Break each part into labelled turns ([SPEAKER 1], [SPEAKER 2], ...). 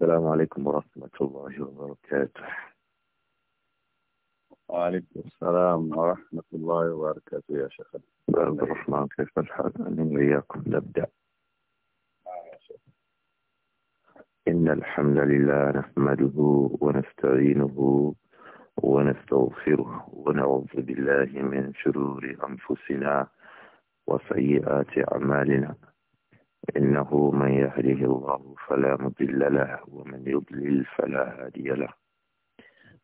[SPEAKER 1] السلام عليكم ورحمة الله وبركاته وعليكم السلام ورحمة الله وبركاته يا شيخ عبد الرحمن كيف الحال؟ أنا وإياكم نبدأ إن الحمد لله نحمده ونستعينه ونستغفره ونعوذ بالله من شرور أنفسنا وسيئات أعمالنا إنه من يهده الله فلا مضل له ومن يضلل فلا هادي له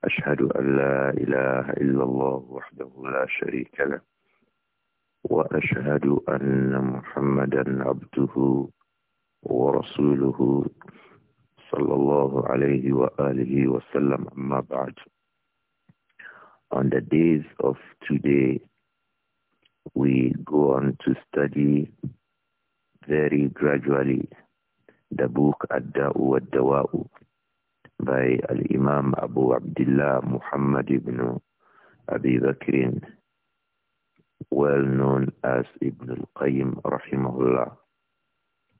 [SPEAKER 1] أشهد أن لا إله إلا الله وحده لا شريك له وأشهد أن محمدا عبده ورسوله صلى الله عليه وآله وسلم أما بعد On the days of today, we go on to study very gradually the book Ad-Da'u wa Dawa'u by Al-Imam Abu Abdullah Muhammad ibn Abi Bakr, well known as Ibn al-Qayyim rahimahullah.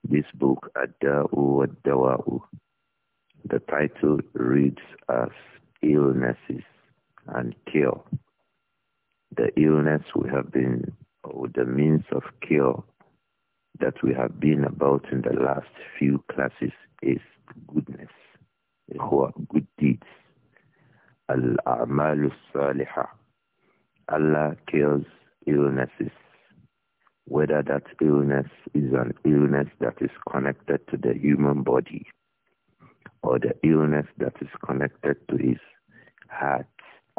[SPEAKER 1] This book Ad-Da'u wa Dawa'u, the title reads as Illnesses and Cure. The illness we have been, or the means of cure that we have been about in the last few classes is goodness, good deeds. Al-A'malu Salihah. Allah kills illnesses, whether that illness is an illness that is connected to the human body or the illness that is connected to his heart,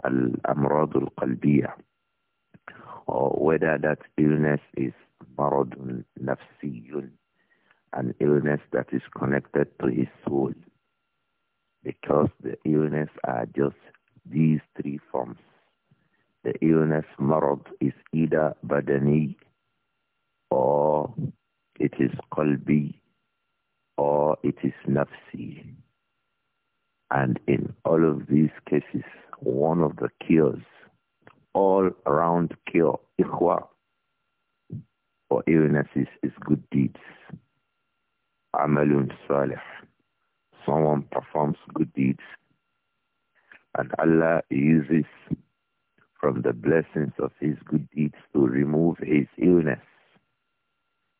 [SPEAKER 1] al-amradul qalbiyah, or whether that illness is maradun nafsiyun, an illness that is connected to his soul. Because the illness are just these three forms. The illness marad is either badani or it is qalbi or it is nafsi. And in all of these cases, one of the cures, all round cure, ikhwa, or illnesses is good deeds. Amalun salih. Someone performs good deeds and Allah uses from the blessings of his good deeds to remove his illness.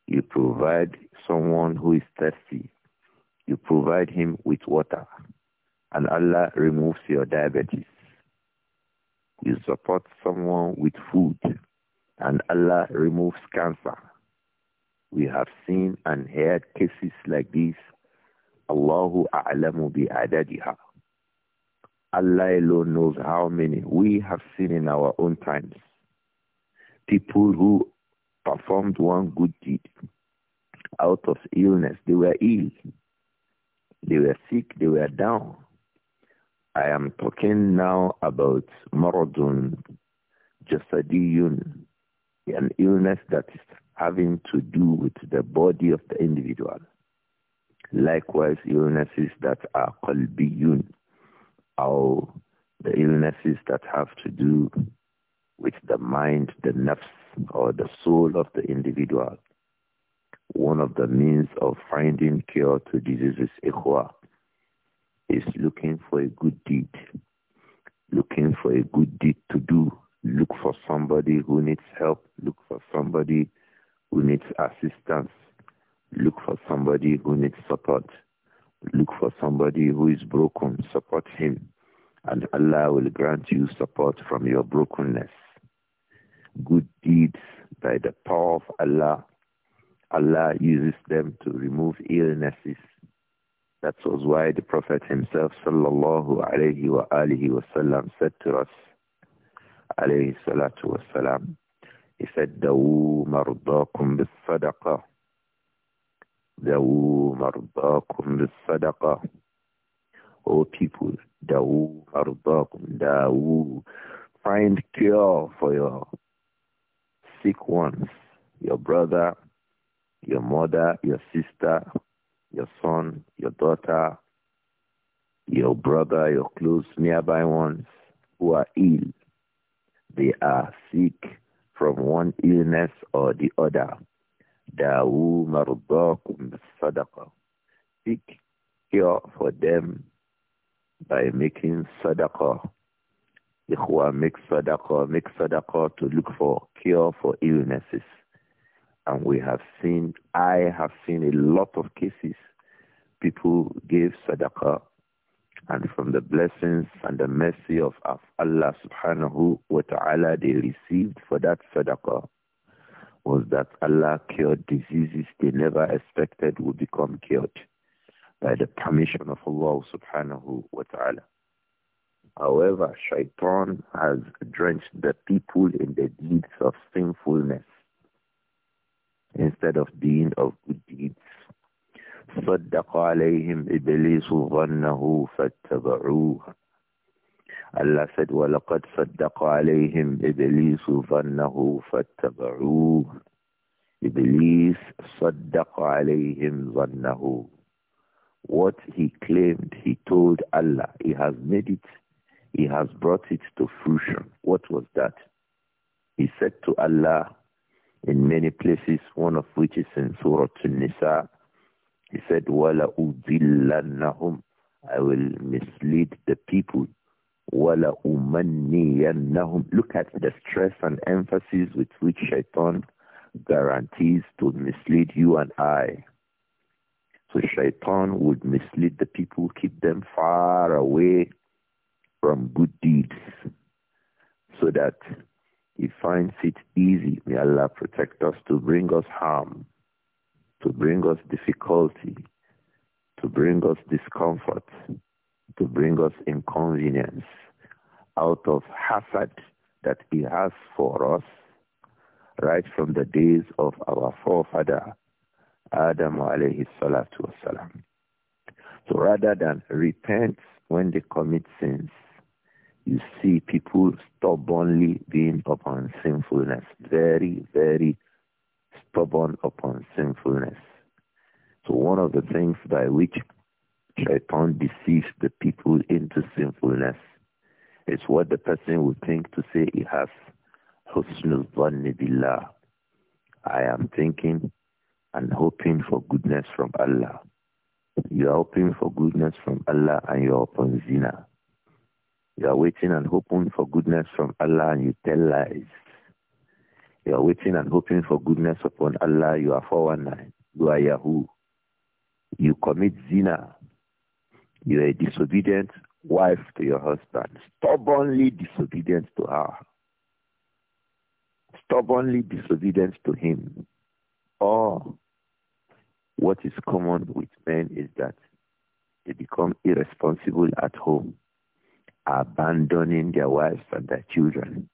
[SPEAKER 1] You provide someone who is thirsty. You provide him with water. And Allah removes your diabetes. You support someone with food and Allah removes cancer. We have seen and heard cases like this. Allahu a'lamu bi'adadiha. Allah alone knows how many we have seen in our own times. People who performed one good deed out of illness. They were ill. They were sick. They were down. I am talking now about maradun, jasadiyun, an illness that is having to do with the body of the individual. Likewise, illnesses that are qalbiyun, or the illnesses that have to do with the mind, the nafs, or the soul of the individual. One of the means of finding cure to diseases, ikhwa, is looking for a good deed, looking for a good deed to do Look for somebody who needs help. Look for somebody who needs assistance. Look for somebody who needs support. Look for somebody who is broken. Support him. And Allah will grant you support from your brokenness. Good deeds by the power of Allah. Allah uses them to remove illnesses. That was why the Prophet himself, sallallahu alayhi wa alihi wasallam, said to us, alayhi salatu wasalam, he said, مَرْضَاكُمْ بِالصَّدَقَةِ دَوُوا مَرْضَاكُمْ بِالصَّدَقَةِ O people, دَوُوا مَرْضَاكُمْ دَوُوا Find cure for your sick ones, your brother, your mother, your sister, your son, your daughter, your brother, your close nearby ones who are ill they are sick from one illness or the other. Da'u mardakum sadaqa. Seek cure for them by making sadaqah. Ikhwa, make sadaqa, make sadaqa to look for cure for illnesses. And we have seen, I have seen a lot of cases. People gave sadaqa. And from the blessings and the mercy of Allah subhanahu wa ta'ala they received for that sadaqah was that Allah cured diseases they never expected would become cured by the permission of Allah subhanahu wa ta'ala. However, shaitan has drenched the people in the deeds of sinfulness instead of being of good deeds صدق عليهم إبليس ظنه فاتبعوه Allah said, وَلَقَدْ صَدَّقَ عَلَيْهِمْ إِبْلِيسُ ظَنَّهُ فَاتَّبَعُوهُ Iblis صَدَّقَ عَلَيْهِمْ ظَنَّهُ What he claimed, he told Allah. He has made it. He has brought it to fruition. What was that? He said to Allah in many places, one of which is in Surah An-Nisa, he said, Wala uzillannahum. I will mislead the people. Wala umanniyannahum. Look at the stress and emphasis with which Shaitan guarantees to mislead you and I. So Shaitan would mislead the people, keep them far away from good deeds so that he finds it easy, may Allah protect us, to bring us harm to bring us difficulty, to bring us discomfort, to bring us inconvenience out of hazard that he has for us right from the days of our forefather Adam alayhi salatu wasalam. So rather than repent when they commit sins, you see people stubbornly being upon sinfulness. Very, very stubborn upon sinfulness. So one of the things by which Shaitan deceives the people into sinfulness is what the person would think to say he has husnul billah. I am thinking and hoping for goodness from Allah. You are hoping for goodness from Allah and you are upon zina. You are waiting and hoping for goodness from Allah and you tell lies. You are waiting and hoping for goodness upon Allah. You are 419. You are Yahoo. You commit zina. You are a disobedient wife to your husband. Stubbornly disobedient to her. Stubbornly disobedient to him. Or what is common with men is that they become irresponsible at home, abandoning their wives and their children.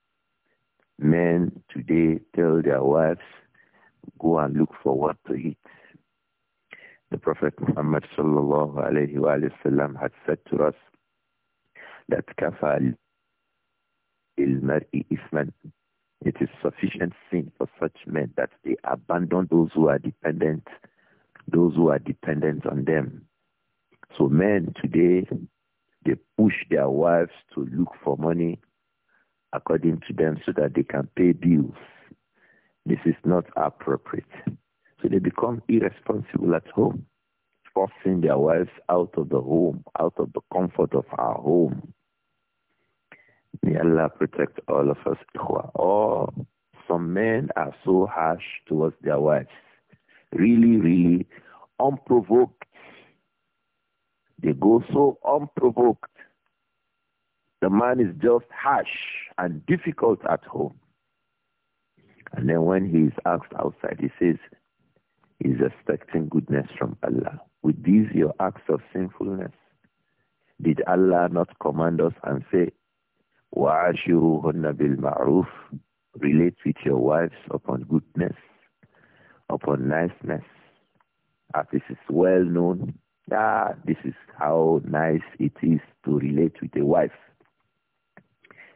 [SPEAKER 1] Men today tell their wives, go and look for what to eat. The Prophet Muhammad sallallahu alayhi wa sallam had said to us that kafal il-mar'i isman. It is sufficient sin for such men that they abandon those who are dependent, those who are dependent on them. So men today, they push their wives to look for money, according to them so that they can pay bills. This is not appropriate. So they become irresponsible at home, forcing their wives out of the home, out of the comfort of our home. May Allah protect all of us. oh, some men are so harsh towards their wives. Really, really unprovoked. They go so unprovoked the man is just harsh and difficult at home. And then when he is asked outside, he says, he's expecting goodness from Allah. With these your acts of sinfulness, did Allah not command us and say, وَعَشِرُهُنَّ بِالْمَعْرُوفِ Relate with your wives upon goodness, upon niceness, as is well known. Ah, this is how nice it is to relate with a wife.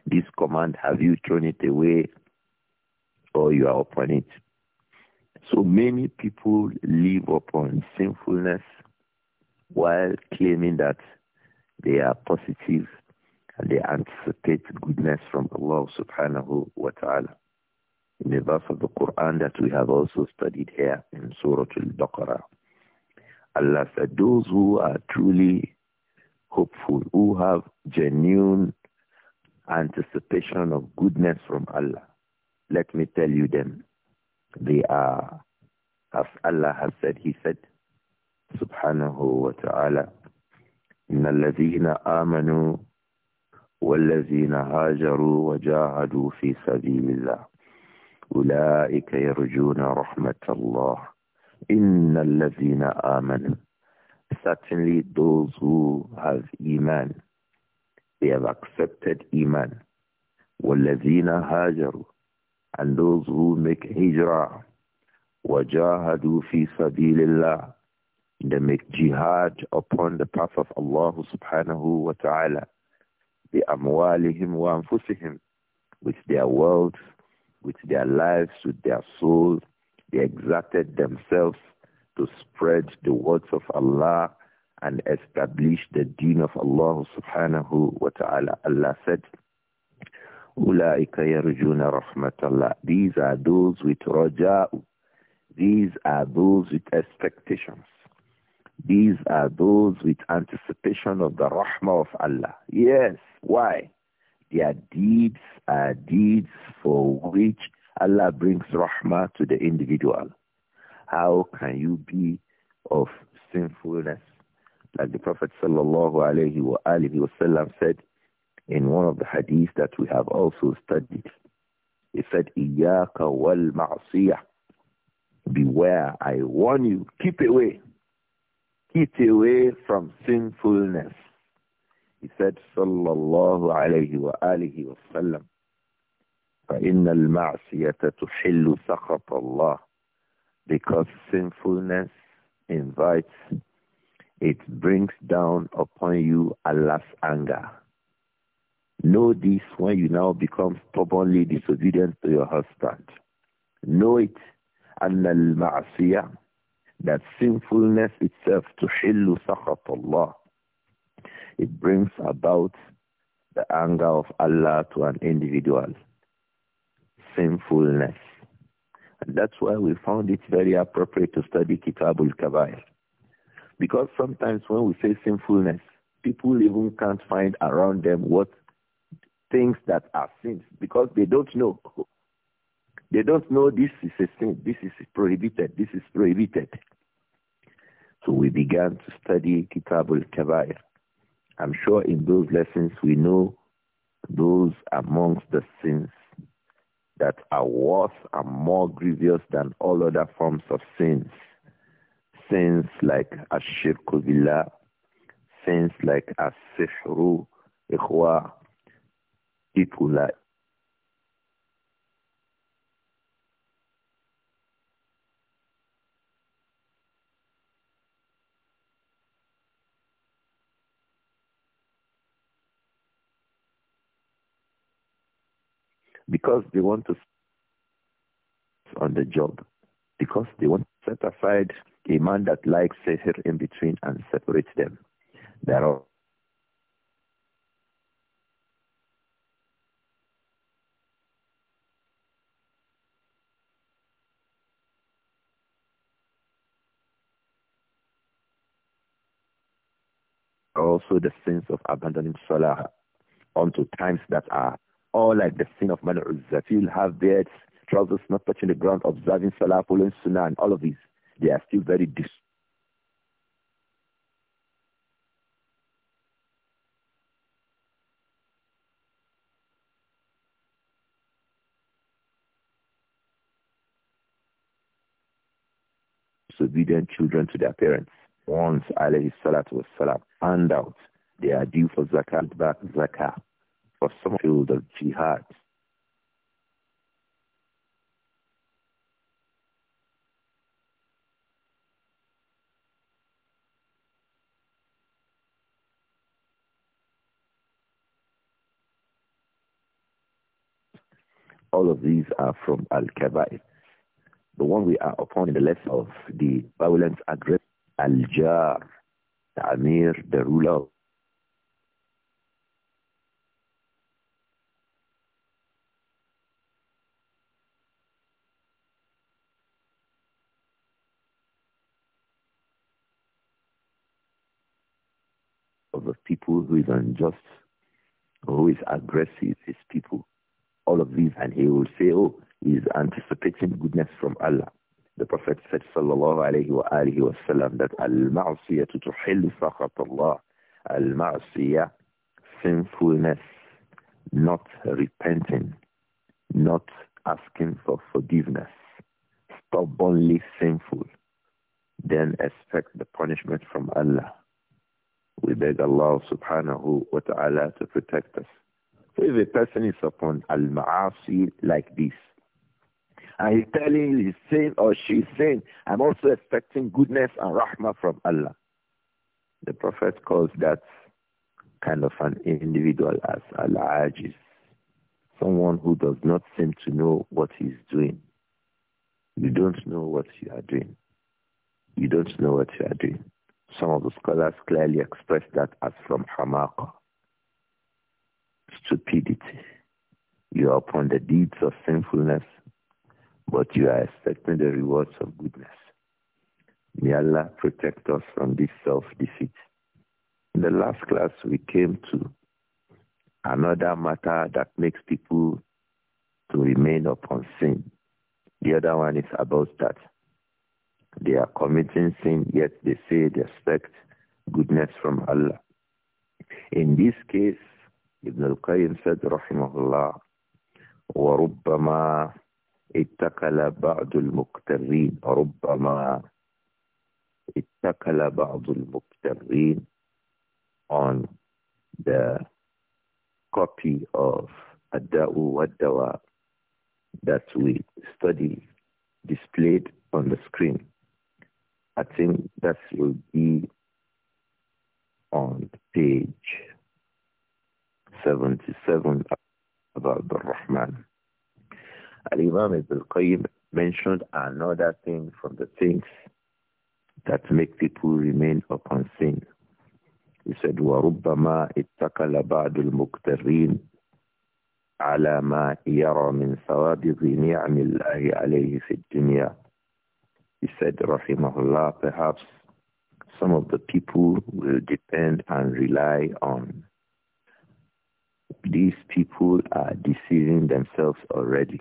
[SPEAKER 1] This command, have you thrown it away or you are upon it? So many people live upon sinfulness while claiming that they are positive and they anticipate goodness from Allah subhanahu wa ta'ala. In the verse of the Quran that we have also studied here in Surah Al-Baqarah, Allah said, those who are truly hopeful, who have genuine anticipation of goodness from Allah. Let me tell you them. They are, as Allah has said, He said, Subhanahu wa Taala, إن الذين آمنوا والذين هاجروا وجاهدوا في سبيل الله أولئك يرجون رحمة الله إن الذين آمنوا Certainly those who have Iman they have accepted Iman. وَالَّذِينَ هَاجَرُوا And those who make hijrah. وَجَاهَدُوا فِي سَبِيلِ اللَّهِ They make jihad upon the path of Allah subhanahu wa ta'ala. بِأَمْوَالِهِمْ وَأَنفُسِهِمْ With their wealth, with their lives, with their souls, They exerted themselves to spread the words of Allah and establish the deen of Allah subhanahu wa ta'ala. Allah said, أُولَٰئِكَ يَرْجُونَ رَحْمَةَ اللَّهِ These are those with raja'u. These are those with expectations. These are those with anticipation of the rahmah of Allah. Yes, why? Their deeds are deeds for which Allah brings rahmah to the individual. How can you be of sinfulness like the Prophet sallallahu alaihi wasallam said in one of the hadiths that we have also studied. He said, Iyaka wal ma'asiyah. Beware, I warn you, keep away. Keep away from sinfulness. He said, Sallallahu alayhi wa alihi wasallam." فَإِنَّ الْمَعْصِيَةَ تُحِلُّ سَخَطَ اللَّهِ Because sinfulness invites it brings down upon you Allah's anger. Know this when you now become stubbornly disobedient to your husband. Know it, أن المعصية, that sinfulness itself, to سخط الله. It brings about the anger of Allah to an individual. Sinfulness. And that's why we found it very appropriate to study Kitabul Kabair because sometimes when we say sinfulness, people even can't find around them what things that are sins because they don't know. They don't know this is a sin, this is prohibited, this is prohibited. So we began to study Kitab kabair I'm sure in those lessons we know those amongst the sins that are worse and more grievous than all other forms of sins sins like Ashir Kubila, sins like as-sihru, ikhwa, because they want to on the job, because they want to set aside a man that likes sihr in between and separates them. There are also the sins of abandoning salah onto times that are all like the sin of man uzafil, have beards, trousers not touching the ground, observing salah, following sunnah, and all of these. They are still very dis- disobedient children to their parents. Once alayhi salatu wasalam, hand out, they are due for zakat back zakat for some field of jihad. All of these are from Al-Kaba'ir. The one we are upon in the left of the violence address, Al-Jar, the Amir, the ruler of the people who is unjust, who is aggressive, his people all of these and he will say, oh, he's anticipating goodness from Allah. The Prophet said, sallallahu alayhi wa alihi wa sallam, that al-ma'siyatu tuhillu Allah. Al-ma'siyah, sinfulness, not repenting, not asking for forgiveness, stubbornly sinful, then expect the punishment from Allah. We beg Allah subhanahu wa ta'ala to protect us. So if a person is upon al-ma'asi like this, and he's telling he's saying or she's saying, I'm also expecting goodness and rahmah from Allah. The Prophet calls that kind of an individual as al-ajiz, someone who does not seem to know what he's doing. You don't know what you are doing. You don't know what you are doing. Some of the scholars clearly express that as from hamaqa, stupidity. You are upon the deeds of sinfulness, but you are expecting the rewards of goodness. May Allah protect us from this self-defeat. In the last class, we came to another matter that makes people to remain upon sin. The other one is about that. They are committing sin, yet they say they expect goodness from Allah. In this case, Ibn al-Qayyim said, الله وربما اتكل بعض المكترين ربما اتكل بعض المكترين on the copy of Adda'u والدواء that we study displayed on the screen. I think that will be on page 77 about the Rahman. Al-Imam Ibn Qayyim mentioned another thing from the things that make people remain upon sin. He said, وَرُبَّمَا اتَّكَلَ بَعْدُ الْمُكْتَرِينَ على ما يرى من ثوابض نعم الله عليه في الدنيا. He said, rahimahullah, perhaps some of the people will depend and rely on these people are deceiving themselves already,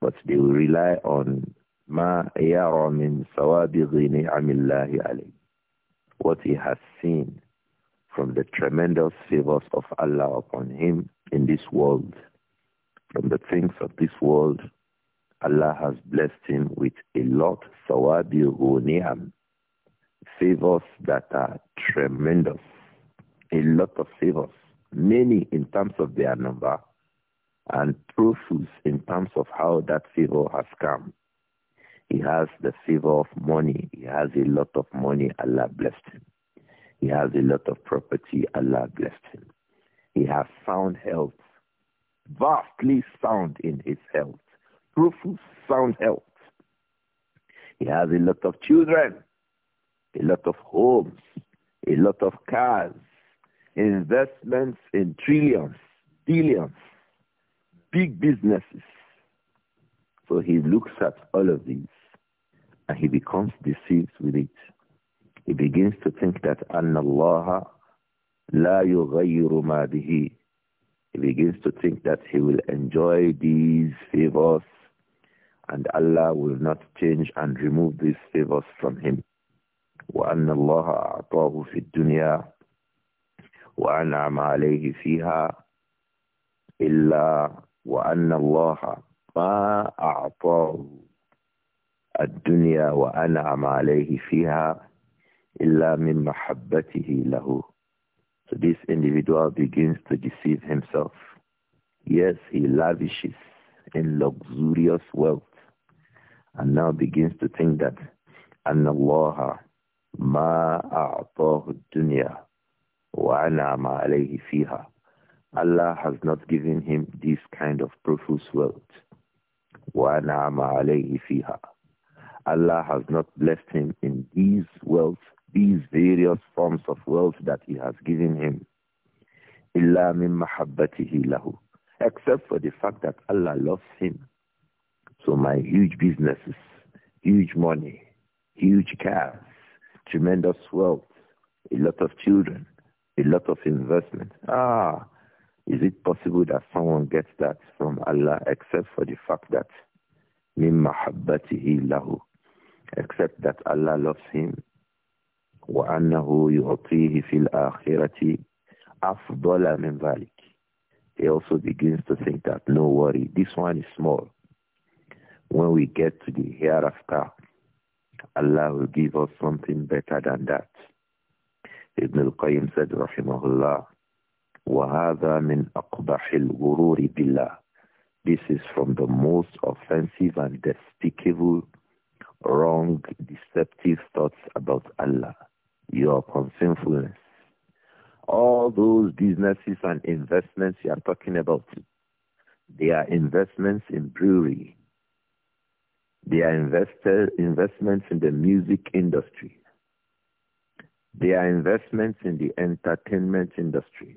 [SPEAKER 1] but they will rely on ma يرى من سوابغ نعم what he has seen from the tremendous favors of Allah upon him in this world. From the things of this world, Allah has blessed him with a lot, ni'am, favors that are tremendous, a lot of favors many in terms of their number, and profuse in terms of how that favor has come. He has the favor of money. He has a lot of money. Allah blessed him. He has a lot of property. Allah blessed him. He has sound health, vastly sound in his health, profuse sound health. He has a lot of children, a lot of homes, a lot of cars, investments in trillions, billions, big businesses. So he looks at all of these and he becomes deceived with it. He begins to think that Allah la yughayyiru ma bihi. He begins to think that he will enjoy these favors and Allah will not change and remove these favors from him. وَأَنَّ اللَّهَ أَعْطَاهُ فِي الدُّنْيَا وأنعم عليه فيها إلا وأن الله ما أعطاه الدنيا وأنعم عليه فيها إلا من محبته له. So this individual begins to deceive himself. Yes, he lavishes in luxurious wealth and now begins to think that أن الله ما أعطاه الدنيا وَعَلَامَ عَلَيْهِ فِيهَا Allah has not given him this kind of profuse wealth. وَعَلَامَ عَلَيْهِ فِيهَا Allah has not blessed him in these wealth, these various forms of wealth that he has given him. إِلَّا مِن مَحَبَّتِهِ لَهُ Except for the fact that Allah loves him. So my huge businesses, huge money, huge cars, tremendous wealth, a lot of children, a lot of investment. Ah, is it possible that someone gets that from Allah except for the fact that min mahabbatihi lahu, except that Allah loves him, wa annahu yu'tihi fil akhirati afdala min dhalik. He also begins to think that no worry, this one is small. When we get to the hereafter, Allah will give us something better than that. وَهَذَا مِنْ أَقْبَحِ الْغُرُورِ بِاللَّهِ This is from the most offensive and despicable, wrong, deceptive thoughts about Allah, your upon sinfulness. All those businesses and investments you are talking about, they are investments in brewery. They are invested, investments in the music industry are investments in the entertainment industry.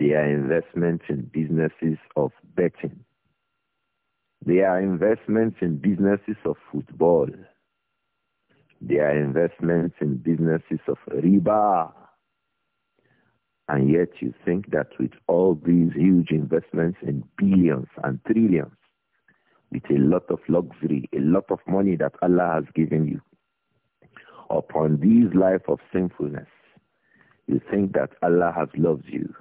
[SPEAKER 1] are investments in businesses of betting. are investments in businesses of football. are investments in businesses of riba. And yet you think that with all these huge investments in billions and trillions, with a lot of luxury, a lot of money that Allah has given you, upon this life of sinfulness, you think that Allah has loved you.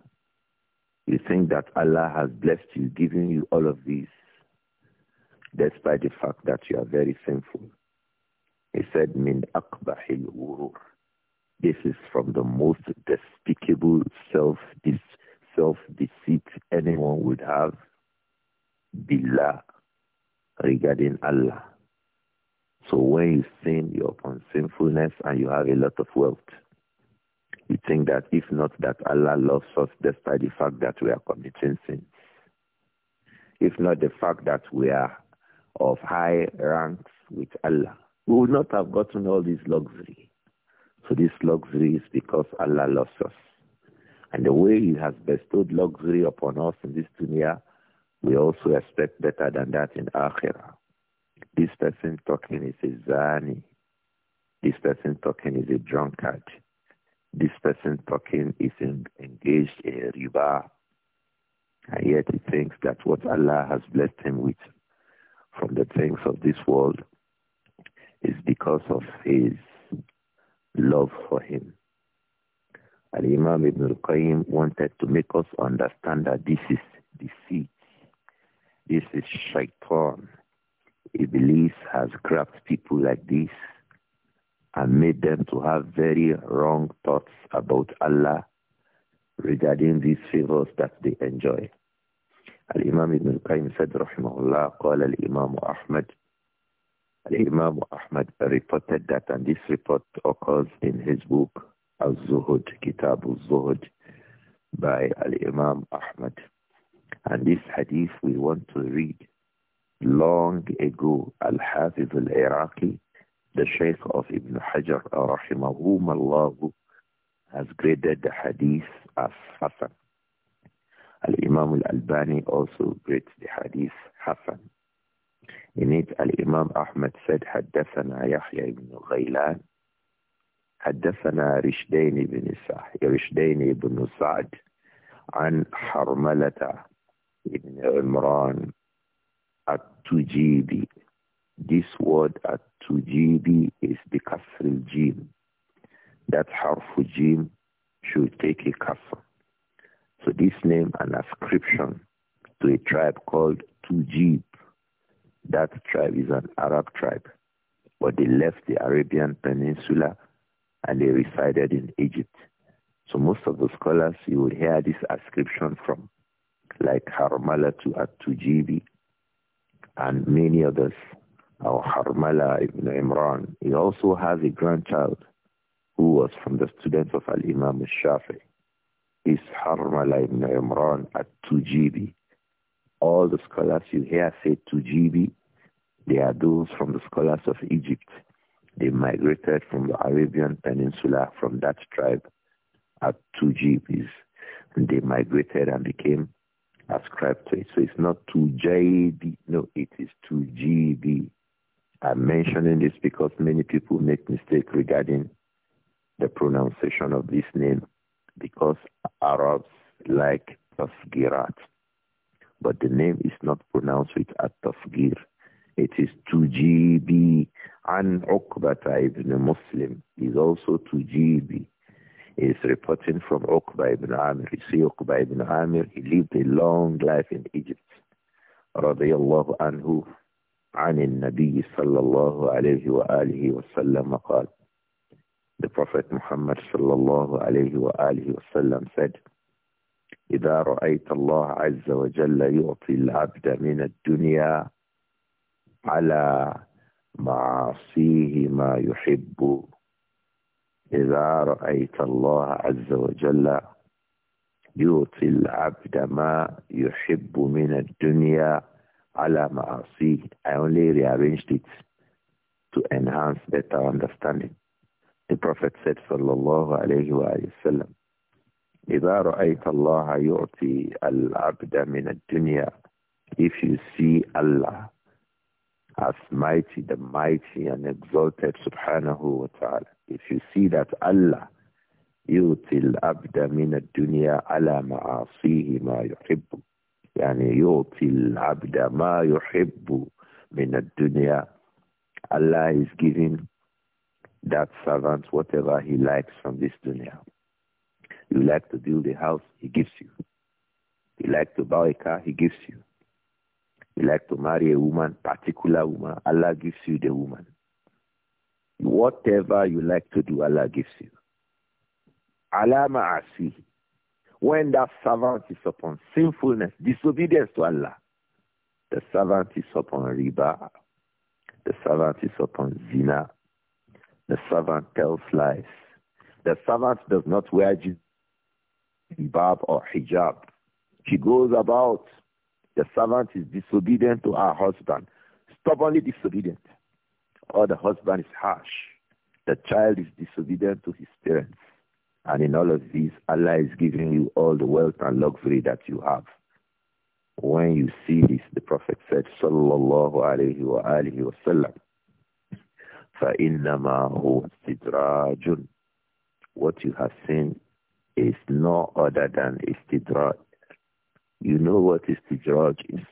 [SPEAKER 1] You think that Allah has blessed you, giving you all of these, despite the fact that you are very sinful. He said, Min akbahil urur. This is from the most despicable self self deceit anyone would have billah regarding Allah. So when you sin, you're upon sinfulness and you have a lot of wealth. You think that if not that Allah loves us despite the fact that we are committing sin. If not the fact that we are of high ranks with Allah, we would not have gotten all this luxury. So this luxury is because Allah loves us. And the way he has bestowed luxury upon us in this dunya, we also expect better than that in akhirah. This person talking is a zani. This person talking is a drunkard. This person talking is engaged in riba. And yet he thinks that what Allah has blessed him with from the things of this world is because of his love for him. Al-Imam Ibn al-Qayyim wanted to make us understand that this is deceit. This is shaitan. Iblis has grabbed people like this and made them to have very wrong thoughts about Allah regarding these favors that they enjoy. Imam Ibn Qayyim said "Rahimahullah." الله قال الإمام أحمد Imam Ahmad reported that and this report occurs in his book Al-Zuhd, Kitab al الزهد by Al-Imam Ahmad and this hadith we want to read long ago, Al-Hafiz al-Iraqi, the Shaykh of Ibn Hajar al-Rahimah, whom has graded the hadith as Hasan. Al-Imam al bani also graded the hadith Hasan. In it, Al-Imam Ahmad said, Haddathana Yahya ibn Ghaylan, Haddathana Rishdain ibn Sa'd, Rishdain ibn Sa'd, عن حرملة al عمران at 2GB. This word at 2GB is the Kasril Jim. That harful Jim should take a kasr. So this name an ascription to a tribe called Tujib. That tribe is an Arab tribe, but they left the Arabian Peninsula and they resided in Egypt. So most of the scholars you will hear this ascription from, like to at-Tujibi, and many others. Our Harmala ibn Imran. He also has a grandchild who was from the students of Al-Imam al-Shafi. Is Harmala ibn Imran at Tujibi. All the scholars you hear say Tujibi, they are those from the scholars of Egypt. They migrated from the Arabian Peninsula from that tribe at Tujibis. They migrated and became ascribed to it. So it's not to JD. No, it is to GB. I'm mentioning this because many people make mistake regarding the pronunciation of this name because Arabs like Tafgirat. But the name is not pronounced with a tafgir It is 2GB. And Uqbata ibn Muslim is also 2GB is reporting from Uqba ibn Amir. You see Uqba ibn Amir, he lived a long life in Egypt. رضي الله عنه عن النبي صلى الله عليه وآله وسلم قال The Prophet Muhammad صلى الله عليه وآله وسلم said إذا رأيت الله عز وجل يعطي العبد من الدنيا على معصيه ما يحب إذا رأيت الله عز وجل يعطي العبد ما يحب من الدنيا على معاصيه I only rearranged it to enhance better understanding The Prophet said صلى الله عليه وآله وسلم إذا رأيت الله يعطي العبد من الدنيا If you see Allah as mighty, the mighty and exalted subhanahu wa ta'ala. If you see that Allah yutil abda min ad-dunya ala ma'asihi ma yuhibbu. Yani yutil abda ma yuhibbu min ad-dunya. Allah is giving that servant whatever he likes from this dunya. You like to build a house, he gives you. You like to buy a car, he gives you. You like to marry a woman, particular woman, Allah gives you the woman. Whatever you like to do, Allah gives you. Allah ma'asi. When that servant is upon sinfulness, disobedience to Allah, the servant is upon riba, the servant is upon zina, the servant tells lies, the servant does not wear hijab or hijab. She goes about the servant is disobedient to her husband, stubbornly disobedient, or the husband is harsh, the child is disobedient to his parents. And in all of these, Allah is giving you all the wealth and luxury that you have. When you see this, the Prophet said, Sallallahu alayhi wa wa sallam, فَإِنَّمَا هُوَ استدراج. What you have seen is no other than istidraj you know what istidraj is.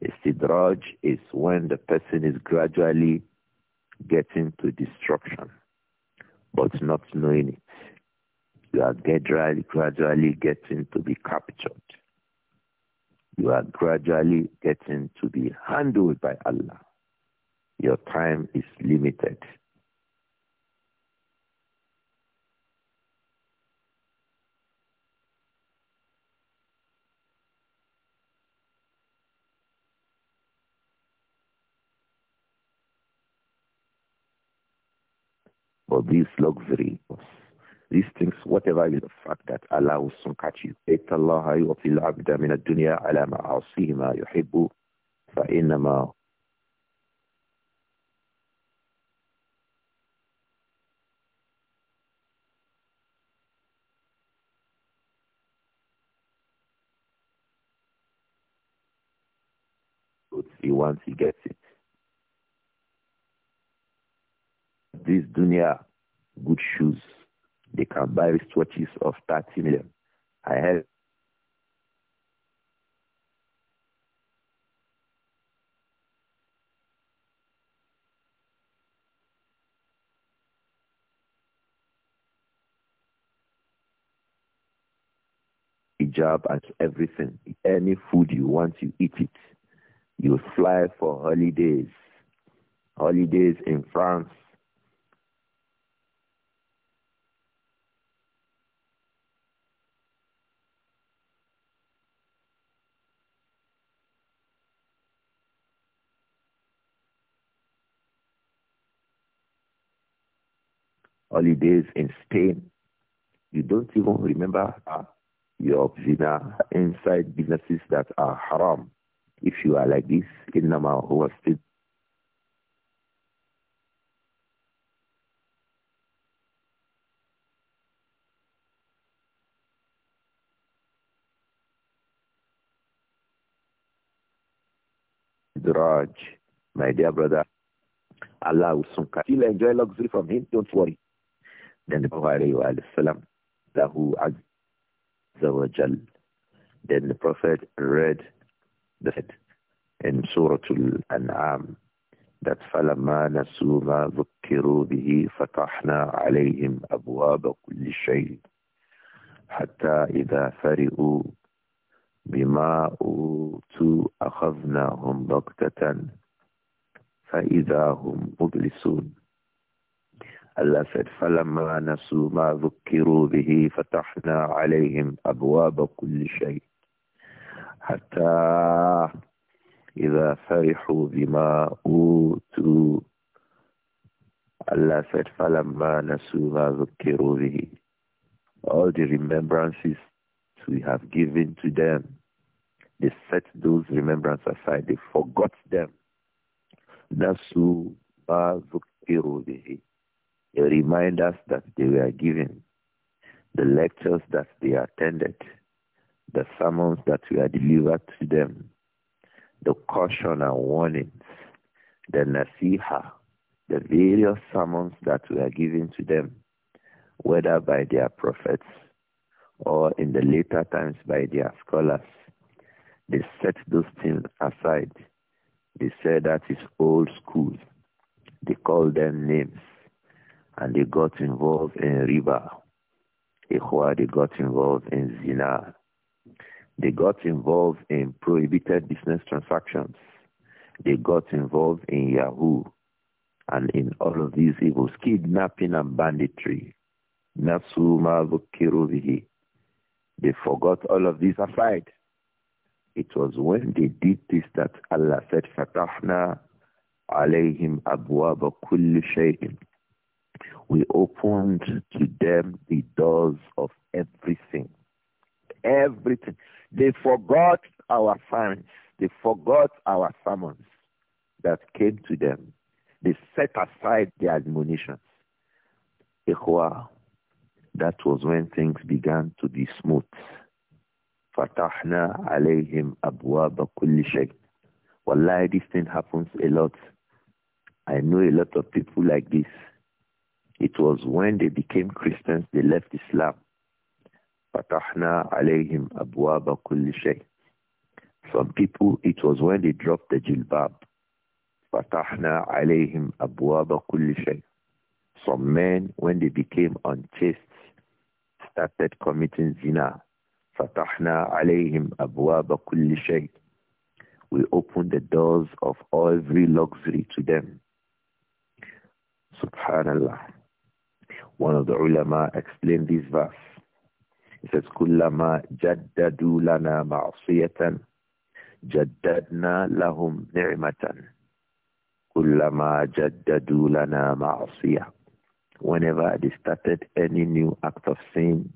[SPEAKER 1] Istidraj is when the person is gradually getting to destruction, but not knowing it. You are gradually, gradually getting to be captured. You are gradually getting to be handled by Allah. Your time is limited. But these luxuries, these things, whatever the fact that Allah will soon catch you. إِتَّ اللَّهَ يُعْطِي الْعَبْدَ مِنَ الدُّنْيَا عَلَى مَعَاصِيهِ مَا يُحِبُّ فَإِنَّمَا he wants, he gets it. These dunya good shoes. They can buy watches of 30 million. I heard hijab and everything. Any food you want, you eat it. You fly for holidays. Holidays in France, holidays in Spain. You don't even remember uh, your zina inside businesses that are haram. If you are like this, who huwa still Raj, my dear brother, Allah will soon catch. you enjoy luxury from him, don't worry. Then the Prophet ﷺ, Lahu Azza wa Jal. Then the Prophet read the in Surah Al-An'am that فَلَمَّا نَسُوا مَا ذُكِّرُوا بِهِ فَتَحْنَا عَلَيْهِمْ أَبْوَابَ كُلِّ شَيْءٍ حتى إذا فرئوا بما أوتوا أخذناهم بغتة فإذا هم مبلسون Allah said, فَلَمَّا نَسُوا مَا ذُكِّرُوا بِهِ فَتَحْنَا عَلَيْهِمْ أَبْوَابَ كُلِّ شَيْءٍ حَتَّى إِذَا فَرِحُوا بِمَا أُوتُوا Allah said, فَلَمَّا نَسُوا مَا ذُكِّرُوا بِهِ All the remembrances we have given to them, they set those remembrances aside. They forgot them. نَسُوا مَا ذُكِّرُوا بِهِ the reminders that they were given, the lectures that they attended, the sermons that were delivered to them, the caution and warnings, the nasiha, the various sermons that were given to them, whether by their prophets or in the later times by their scholars. They set those things aside. They said that is old school. They call them names and they got involved in riba. Ikhwa, they got involved in zina. They got involved in prohibited business transactions. They got involved in Yahoo and in all of these evils, kidnapping and banditry. They forgot all of these aside. It was when they did this that Allah said, فَتَحْنَا عَلَيْهِمْ أَبْوَابَ كُلِّ شَيْءٍ we opened to them the doors of everything. Everything. They forgot our signs. They forgot our summons that came to them. They set aside the admonitions. Ikhwa, that was when things began to be smooth. Fatahna alayhim abwaba kulli shay. Wallahi, this thing happens a lot. I know a lot of people like this it was when they became Christians, they left Islam. Some people, it was when they dropped the jilbab. فَتَحْنَا Some men, when they became unchaste, started committing zina. We opened the doors of every luxury to them. Subhanallah one of the ulama explained this verse. He says, كُلَّمَا جَدَّدُوا لَنَا مَعْصِيَةً جَدَّدْنَا لَهُمْ نِعْمَةً كُلَّمَا جَدَّدُوا لَنَا مَعْصِيَةً Whenever they started any new act of sin,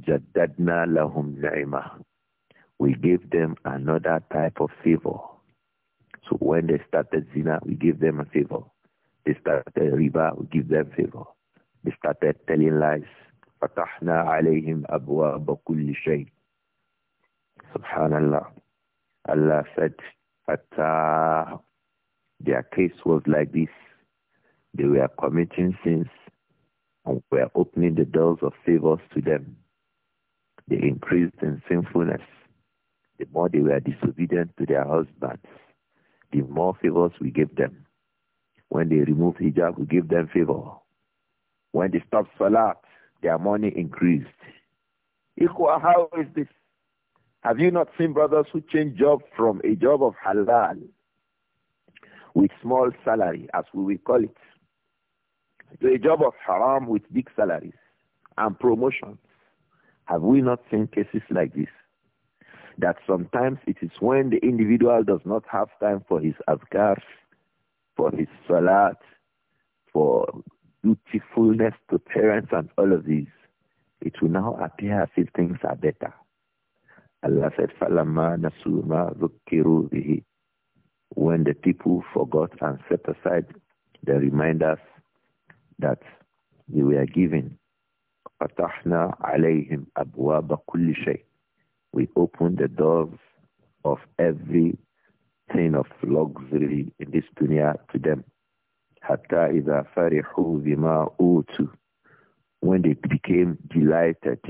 [SPEAKER 1] جَدَّدْنَا لَهُمْ نِعْمَةً We gave them another type of favor. So when they started zina, we give them a favor. They started riba, we give them favor. They started telling lies. فَتَحْنَا عَلَيْهِمْ أَبْوَابَ كُلِّ شَيْءٍ اللَّهِ Allah said, Fatah. Their case was like this. They were committing sins and were opening the doors of favors to them. They increased in sinfulness. The more they were disobedient to their husbands, the more favors we gave them. When they removed hijab, we gave them favor. When they stopped Salat, their money increased. how is this? Have you not seen brothers who change job from a job of halal with small salary, as we will call it, to a job of haram with big salaries and promotions? Have we not seen cases like this? That sometimes it is when the individual does not have time for his adhkar, for his salat, for dutifulness to parents and all of these, it will now appear as if things are better. Allah said, فَلَمَّا نَسُوا When the people forgot and set aside the reminders that they were given, فَتَحْنَا alayhim أَبْوَابَ كُلِّ We opened the doors of every thing of luxury in this dunya to them. Hatta When they became delighted.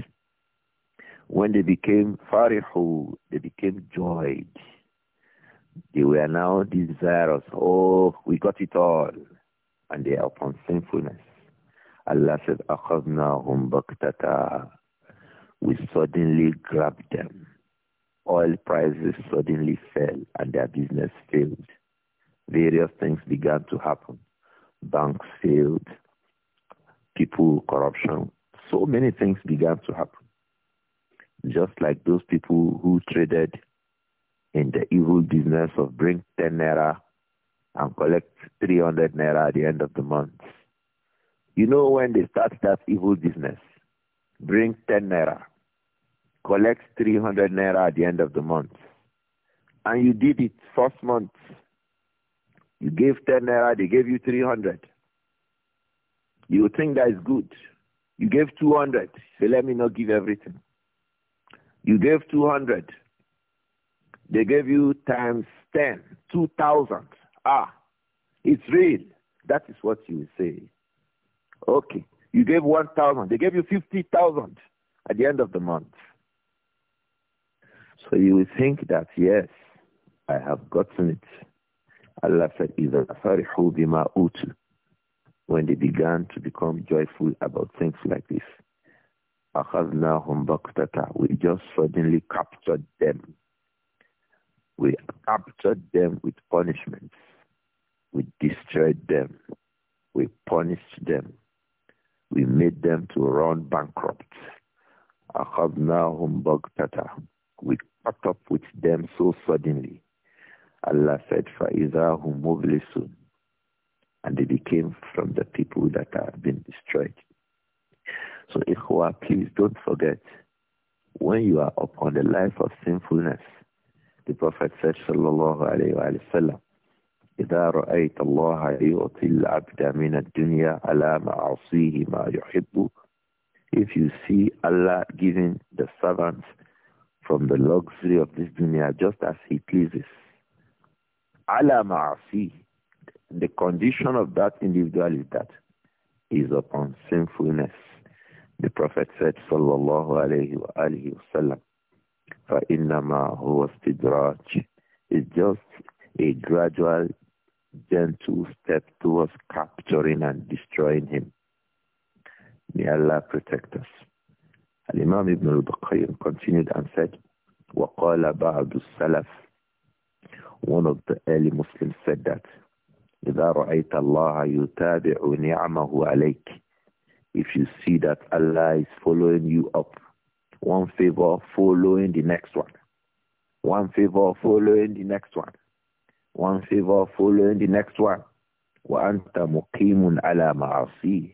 [SPEAKER 1] When they became farihu, they became joyed. They were now desirous. Oh, we got it all. And they are upon sinfulness. Allah said, hum بَكْتَتَا We suddenly grabbed them. Oil prices suddenly fell and their business failed. Various things began to happen banks failed, people corruption. So many things began to happen. Just like those people who traded in the evil business of bring 10 naira and collect 300 naira at the end of the month. You know when they start that evil business, bring 10 naira, collect 300 naira at the end of the month. And you did it first month, you gave 10 naira, they gave you 300. You think that is good. You gave 200. Say, let me not give everything. You gave 200. They gave you times 10, 2,000. Ah, it's real. That is what you say. Okay. You gave 1,000. They gave you 50,000 at the end of the month. So you will think that, yes, I have gotten it. Allah said, When they began to become joyful about things like this, We just suddenly captured them. We captured them with punishments. We destroyed them. We punished them. We made them to run bankrupt. We caught up with them so suddenly. Allah said, who هُمْ مُبْلِسُونَ And they became from the people that have been destroyed. So, Ikhwa, please don't forget, when you are upon the life of sinfulness, the Prophet said, sallallahu alayhi wa sallam, إذا رأيت الله يعطي العبد من الدنيا على معصيه ما يحب If you see Allah giving the servants from the luxury of this dunya just as he pleases, ala ma'asi. The condition of that individual is that is upon sinfulness. The Prophet said, sallallahu alayhi wa alayhi wa sallam, فَإِنَّمَا هُوَ استدراج. It's just a gradual, gentle step towards capturing and destroying him. May Allah protect us. Al-Imam Ibn al-Baqayyim continued and said, وَقَالَ بَعْضُ السَّلَفِ one of the early Muslims said that, إِذَا اللَّهَ يُتَابِعُ نِعْمَهُ عَلَيْكِ If you see that Allah is following you up, one favor following the next one, one favor following the next one, one favor following the next one, وَأَنْتَ مُقِيمٌ عَلَى مَعَصِيهِ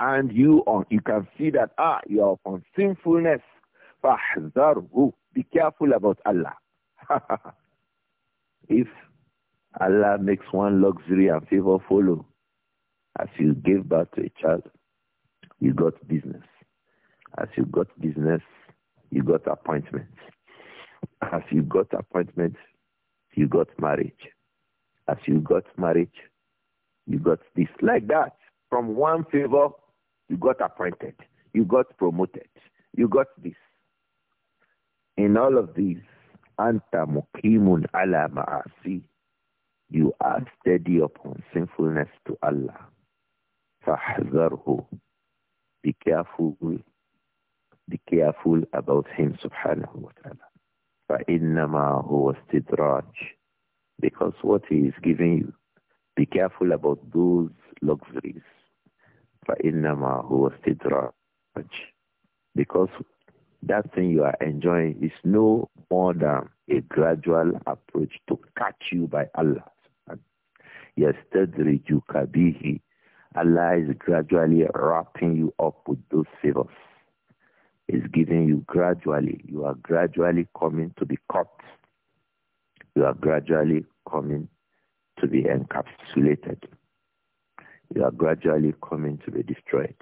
[SPEAKER 1] and you on you can see that ah you are upon sinfulness. Be careful about Allah. If Allah makes one luxury and favor follow, as you gave birth to a child, you got business. As you got business, you got appointments. As you got appointments, you got marriage. As you got marriage, you got this. Like that, from one favor, you got appointed. You got promoted. You got this. In all of these, Anta ala ma'asi. You are steady upon sinfulness to Allah. Fahzarhu. Be careful. Be careful about him subhanahu wa ta'ala. فَإِنَّمَا هُوَ استدراج. Because what he is giving you, be careful about those luxuries. فَإِنَّمَا هُوَ استدراج. Because that thing you are enjoying is no more than a gradual approach to catch you by Allah. Yastadriju kabihi. Allah is gradually wrapping you up with those favors. He's giving you gradually. You are gradually coming to be caught. You are gradually coming to be encapsulated. You are gradually coming to be destroyed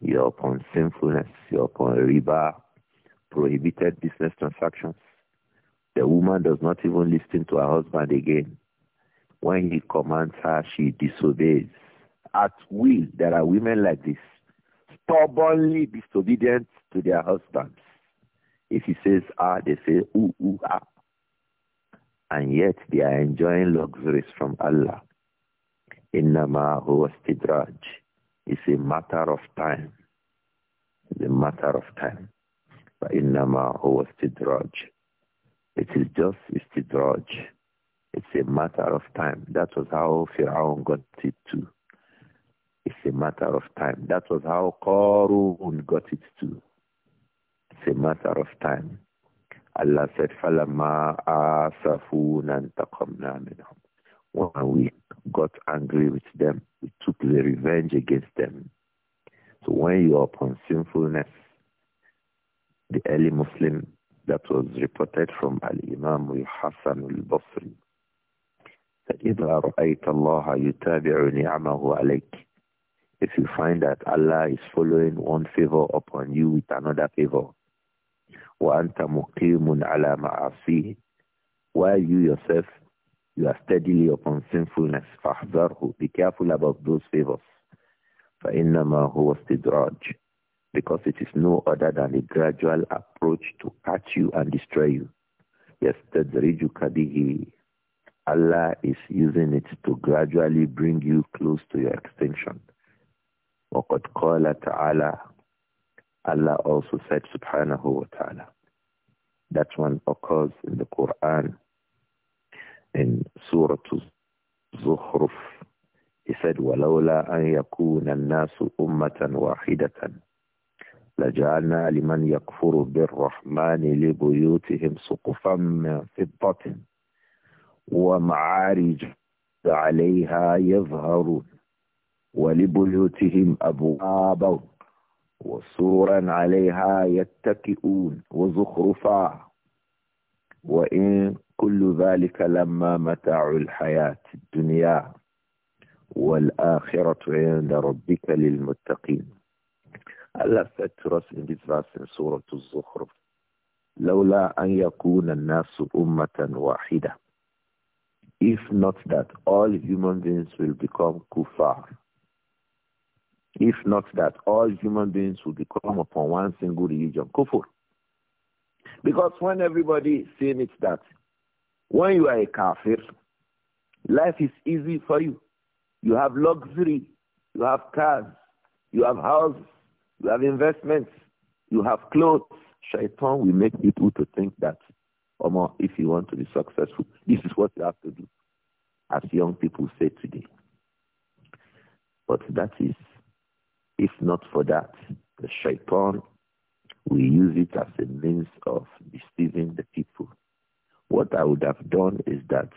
[SPEAKER 1] you're upon sinfulness, you're upon riba, prohibited business transactions. The woman does not even listen to her husband again. When he commands her, she disobeys. At will, there are women like this, stubbornly disobedient to their husbands. If he says ah, they say ooh, ooh, ah. And yet they are enjoying luxuries from Allah. إنما هو استدراج it's a matter of time. It's a matter of time. فَإِنَّمَا هُوَ استدراج. It is just istidraj. It's a matter of time. That was how Fir'aun got it too. It's a matter of time. That was how Qarun got it too. It's a matter of time. Allah said, فَلَمَّا آسَفُونَا انْتَقَمْنَا مِنْهُمْ when we got angry with them, we took the revenge against them. So when you are upon sinfulness, the early Muslim that was reported from Al-Imam al-Hassan al-Basri, that رَأَيْتَ اللَّهَ يُتَابِعُ نِعْمَهُ عَلَيْكِ If you find that Allah is following one favor upon you with another favor, وَأَنْتَ مُقِيمٌ عَلَى مَعَصِيهِ While you yourself you are steadily upon sinfulness. Be careful about those favors. فَإِنَّمَا هُوَ استدراج Because it is no other than a gradual approach to catch you and destroy you. يَسْتَدْرِجُكَ بِهِ Allah is using it to gradually bring you close to your extinction. وَقَدْ قَالَ تَعَالَى Allah also said, subhanahu wa ta'ala. That one occurs in the Quran من سورة الزخرف He وَلَوْلَا أَنْ يَكُونَ النَّاسُ أُمَّةً وَاحِدَةً لجعلنا لمن يكفر بالرحمن لبيوتهم سقفا من فضة ومعارج عليها يظهرون ولبيوتهم أبوابا وسورا عليها يتكئون وزخرفا وإن كل ذلك لما متاع الحياة الدنيا والآخرة عند ربك للمتقين ألا فترس to us سورة this لولا أن يكون الناس أمة واحدة If not that all human beings will become kufar If not that all human beings will become upon one single religion, kufur. Because when everybody is saying it that when you are a kafir, life is easy for you. You have luxury, you have cars, you have houses, you have investments, you have clothes. Shaitan will make people to think that, Omar, if you want to be successful, this is what you have to do, as young people say today. But that is, if not for that, the shaitan we use it as a means of deceiving the people. What I would have done is that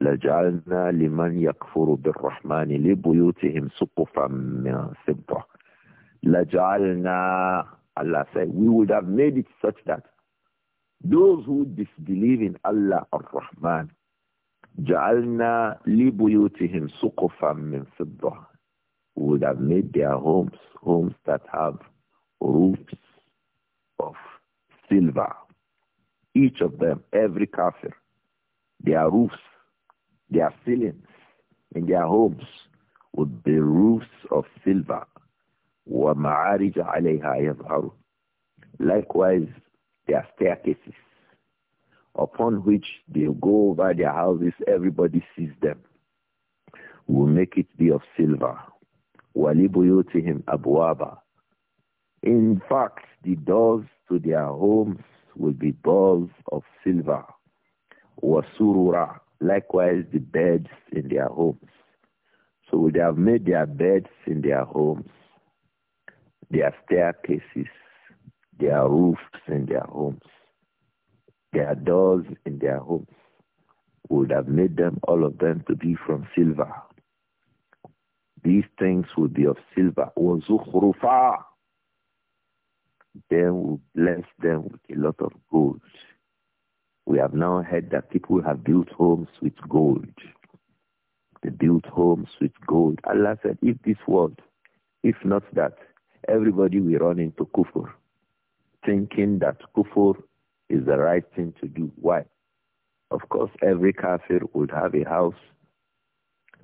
[SPEAKER 1] لجعلنا لمن يكفر بالرحمن لبيوتهم سقفا من La لجعلنا Allah said we would have made it such that those who disbelieve in Allah ar-Rahman جعلنا لبيوتهم سقفا من فضة would have made their homes homes that have roofs of silver. Each of them, every kafir, their roofs, their ceilings and their homes would be roofs of silver. وَمَعَارِجَ عَلَيْهَا يَظْهَرُ Likewise, their staircases, upon which they go over their houses, everybody sees them. We'll make it be of silver. وَلِبُيُوتِهِمْ أَبْوَابًا in fact, the doors to their homes will be balls of silver. Wasurura, likewise the beds in their homes. So they have made their beds in their homes, their staircases, their roofs in their homes, their doors in their homes. Would have made them, all of them, to be from silver. These things would be of silver. Wazukhrufa, then we'll bless them with a lot of gold. We have now heard that people have built homes with gold. They built homes with gold. Allah said, if this world, if not that, everybody will run into kufur, thinking that kufur is the right thing to do. Why? Of course, every kafir would have a house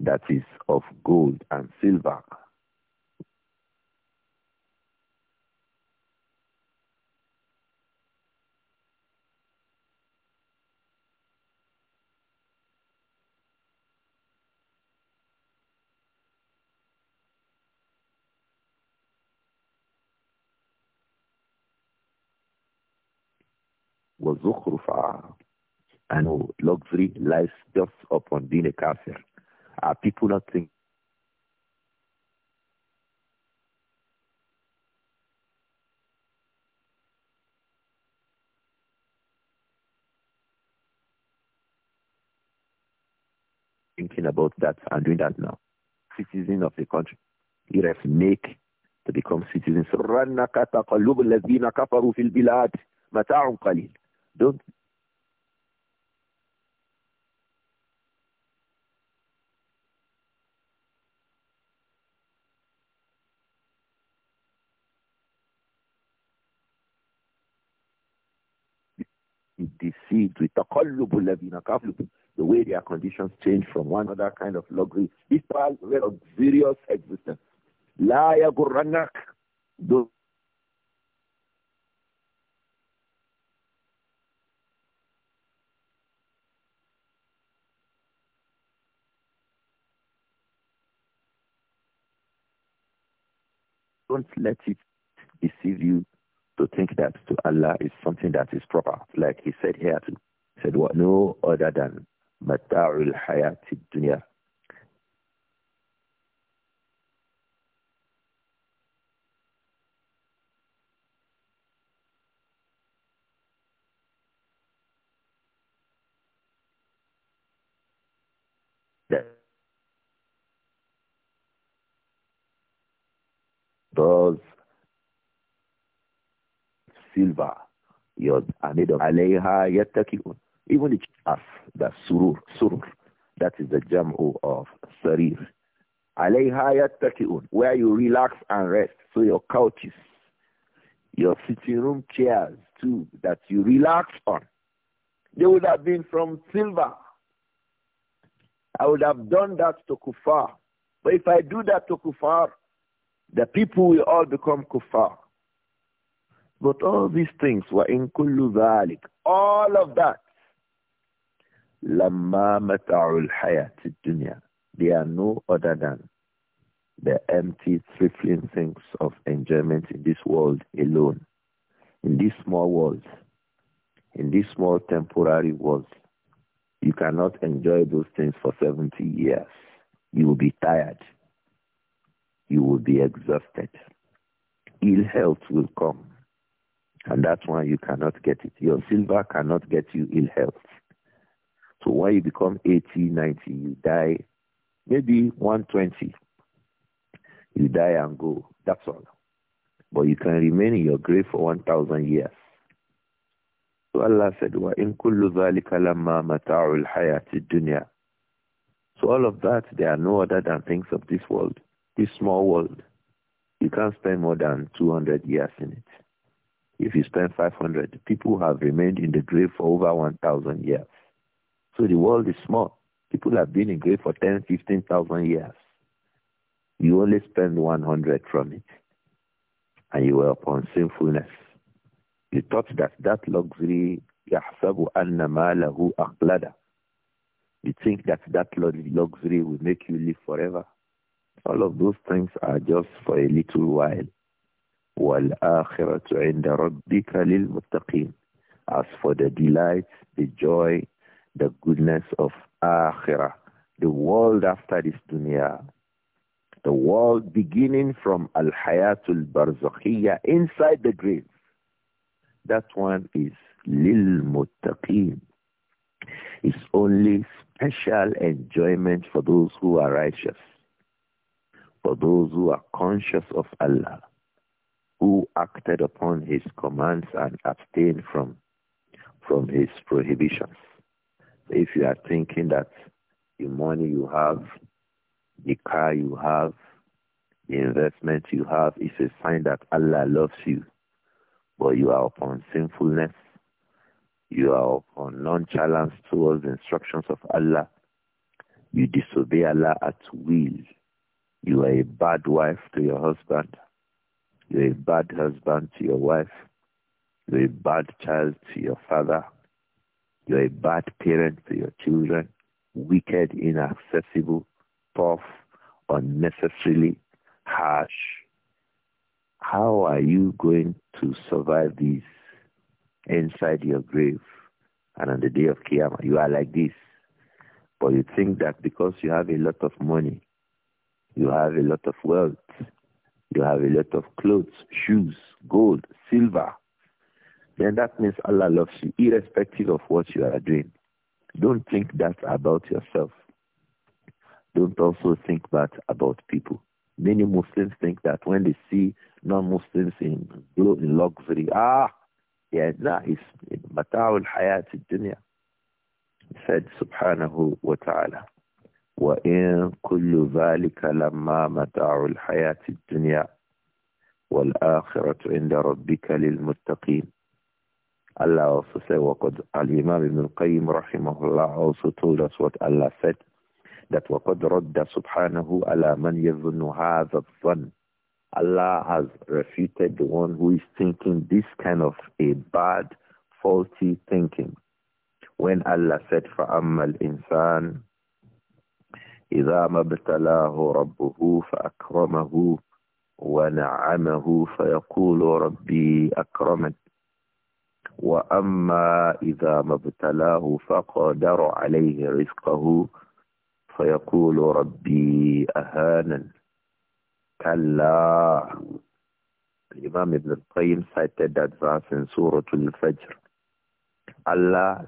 [SPEAKER 1] that is of gold and silver وَزُخْرُفَا And luxury lies just upon being a kafir. Are people not thinking thinking about that and doing that now. Citizen of the country. You have make to become citizens. Don't deceived with the the way their conditions change from one other kind of luxury it's all very luxurious existence Don't let it deceive you to think that to Allah is something that is proper. Like he said here too. He said, what no other than mata'ul hayati dunya. riba. Alayha yattakiun. Even the as the surur, surur, that is the jam'u of sarir. Alayha yattakiun, where you relax and rest. So your couches, your sitting room chairs too, that you relax on. They would have been from silver. I would have done that to kuffar. But if I do that to kuffar, the people will all become kuffar. But all these things were in kullu dhalik. All of that. Lamma mata'ul hayatid dunya. They are no other than the empty, trifling things of enjoyment in this world alone. In this small world. In this small temporary world. You cannot enjoy those things for 70 years. You will be tired. You will be exhausted. Ill health will come and that one you cannot get it. Your silver cannot get you ill health. So when you become 80, 90, you die maybe 120. You die and go. That's all. But you can remain in your grave for 1,000 years. So Allah said, وَإِن كُلُّ ذَلِكَ لَمَّا مَتَاعُ الْحَيَاةِ الدُّنْيَا So all of that, they are no other than things of this world, this small world. You can't spend more than 200 years in it. If you spend 500, people have remained in the grave for over 1,000 years. So the world is small. People have been in grave for 10, 15,000 years. You only spend 100 from it. And you were upon sinfulness. You thought that that luxury, يَحْسَبُ أَنَّ مَالَهُ أَقْلَدَ You think that that luxury will make you live forever. All of those things are just for a little while. وَالْآخِرَةُ عِنْدَ رَبِّكَ لِلْمُتَّقِينَ As for the delight, the joy, the goodness of Akhirah, the world after this dunya, the world beginning from Al-Hayatul Barzakhiyya inside the grave. That one is Lil-Muttaqeen. It's only special enjoyment for those who are righteous, for those who are conscious of Allah, who acted upon his commands and abstained from, from his prohibitions. If you are thinking that the money you have, the car you have, the investment you have is a sign that Allah loves you, but you are upon sinfulness, you are upon nonchalance towards the instructions of Allah, you disobey Allah at will, you are a bad wife to your husband, you're a bad husband to your wife. You're a bad child to your father. You're a bad parent to your children. Wicked, inaccessible, tough, unnecessarily harsh. How are you going to survive this inside your grave and on the day of Qiyamah? You are like this. But you think that because you have a lot of money, you have a lot of wealth, you have a lot of clothes, shoes, gold, silver, then that means Allah loves you irrespective of what you are doing. Don't think that about yourself. Don't also think that about people. Many Muslims think that when they see non-Muslims in, in luxury, ah, yeah, nah, it's mata'ul hayat dunya. said, subhanahu wa ta'ala. وإن كل ذلك لما متاع الحياة الدنيا والآخرة عند ربك للمتقين Allah also وَقَدْ Al-Imam Ibn Qayyim rahimahullah also told us what Allah said, that وَقَدْ رَدَّ سُبْحَانَهُ عَلَى مَنْ يَظُنُّ هَذَا الظَّنِّ Allah has refuted the one who is thinking this kind of a bad, faulty thinking. When Allah said, فَأَمَّا الْإِنسَانِ إذا ما ابتلاه ربه فأكرمه ونعمه فيقول ربي أكرمن وأما إذا ما ابتلاه فقدر عليه رزقه فيقول ربي أهانا كلا الإمام ابن القيم سيتدد that سورة الفجر الله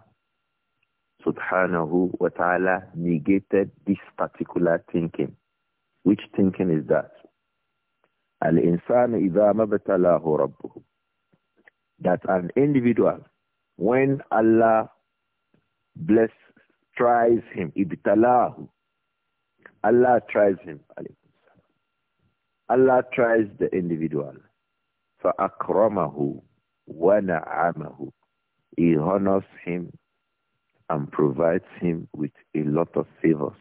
[SPEAKER 1] subhanahu wa ta'ala negated this particular thinking. Which thinking is that? Al-insan idha mabtalahu rabbuhu. That an individual, when Allah bless, tries him, ibtalahu, Allah tries him, Allah tries the individual. فَأَكْرَمَهُ وَنَعَمَهُ He honors him and provides him with a lot of favors.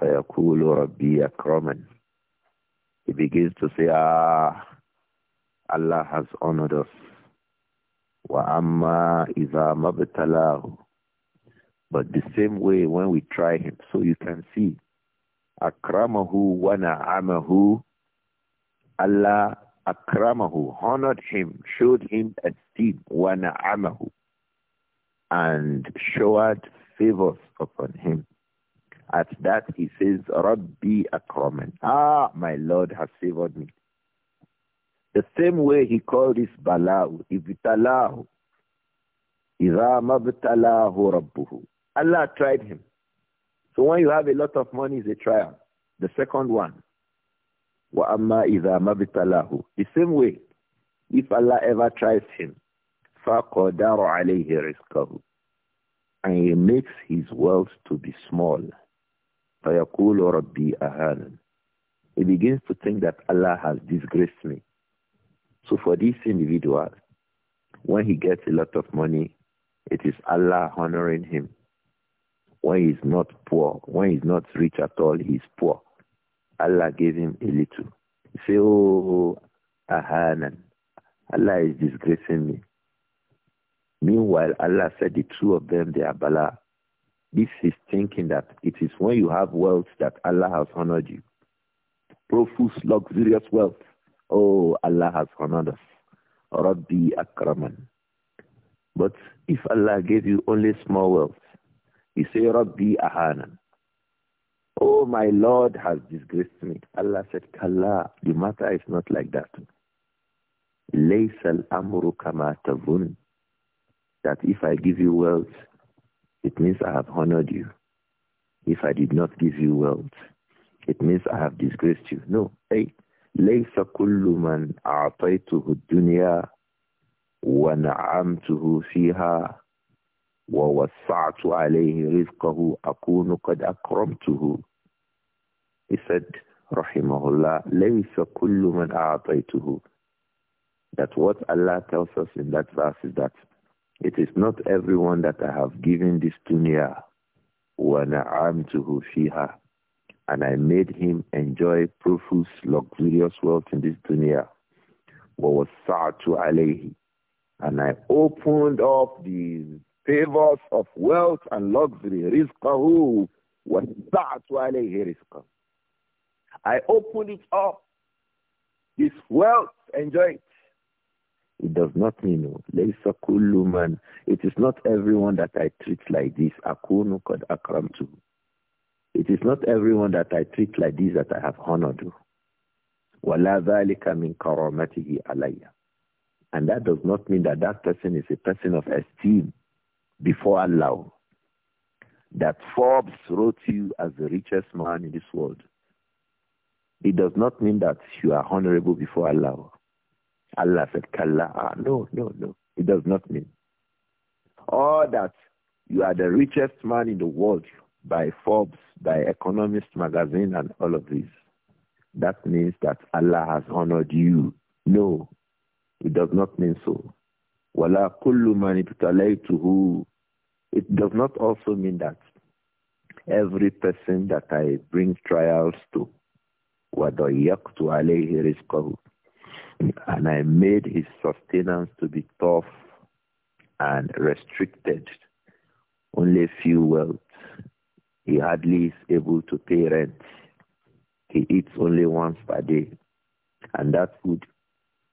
[SPEAKER 1] فَيَقُولُ رَبِّي أَكْرَمَنِ He begins to say, Ah, Allah has honored us. وَأَمَّا ma مَبْتَلَاهُ But the same way when we try him, so you can see, أَكْرَمَهُ وَنَعَمَهُ Allah akramahu, honored him, showed him esteem, wa na'amahu, and showered favors upon him. At that he says, Rabbi Akraman. Ah, my Lord has favored me. The same way he called this Balaw, Ibtalahu. إِذَا rabbuhu. Allah tried him. So when you have a lot of money, it's a trial. The second one, وَأَمَّا إِذَا The same way, if Allah ever tries him, and he makes his wealth to be small. He begins to think that Allah has disgraced me. So for this individual, when he gets a lot of money, it is Allah honoring him. When he is not poor, when he is not rich at all, he is poor. Allah gave him a little. He say, oh, ahanan. Allah is disgracing me. Meanwhile, Allah said the two of them, they are Bala. This is thinking that it is when you have wealth that Allah has honored you. Profuse, luxurious wealth. Oh, Allah has honored us. Rabbi Akraman. But if Allah gave you only small wealth, you say, Rabbi Ahanan. Oh, my Lord has disgraced me. Allah said, Kalla, the matter is not like that. Laysal amru kama tavun that if I give you wealth, it means I have honored you. If I did not give you wealth, it means I have disgraced you. No. Hey, ليس كل من أعطيته الدنيا ونعمته فيها ووسعت عليه رزقه أكون قد أكرمته. He said, رحمه الله, ليس كل من أعطيته. That what Allah tells us in that verse is that it is not everyone that I have given this dunya وَنَعَمْتُهُ فِيهَا And I made him enjoy profuse, luxurious wealth in this dunya. وَوَسَّعْتُ عَلَيْهِ And I opened up the favors of wealth and luxury. رِزْقَهُ وَسَّعْتُ عَلَيْهِ رِزْقَهُ I opened it up. This wealth, enjoy it. It does not mean oh, Laysa kullu man. It is not everyone that I treat like this. Akunu kad akramtu. It is not everyone that I treat like this that I have honored. Wala dhalika min karamatihi alayya. And that does not mean that that person is a person of esteem before Allah. That Forbes wrote you as the richest man in this world. It does not mean that you are honorable before Allah. Allah said, Kalla. Ah, no, no, no. It does not mean. Or that you are the richest man in the world by Forbes, by Economist magazine and all of these. That means that Allah has honored you. No, it does not mean so. Wala kullu man ibtalaytuhu. It does not also mean that every person that I bring trials to, وَضَيَّقْتُ alayhi رِزْقَهُ and I made his sustenance to be tough and restricted. Only few wealth. He hardly is able to pay rent. He eats only once per day. And that food,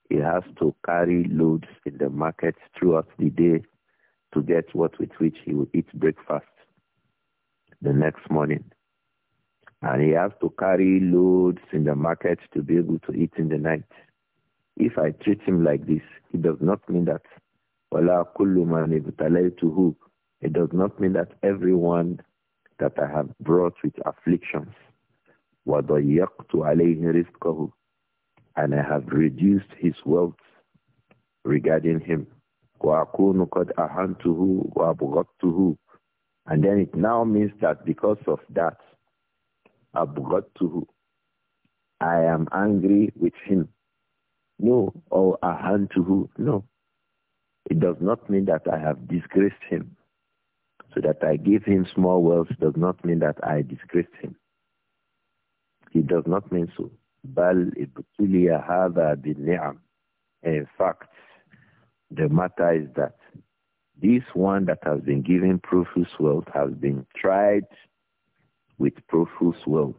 [SPEAKER 1] he has to carry loads in the market throughout the day to get what with which he will eat breakfast the next morning. And he has to carry loads in the market to be able to eat in the night. If I treat him like this, it does not mean that وَلَا كُلُّ مَنْ It does not mean that everyone that I have brought with afflictions وَضَيَّقْتُ عَلَيْهِ رِزْقَهُ And I have reduced his wealth regarding him. وَأَكُونُ قَدْ أَهَنْتُهُ وَأَبْغَضْتُهُ And then it now means that because of that, أَبْغَضْتُهُ I am angry with him. No, or a hand to who? No. It does not mean that I have disgraced him. So that I give him small wealth does not mean that I disgraced him. It does not mean so. In fact, the matter is that this one that has been given profuse wealth has been tried with profuse wealth.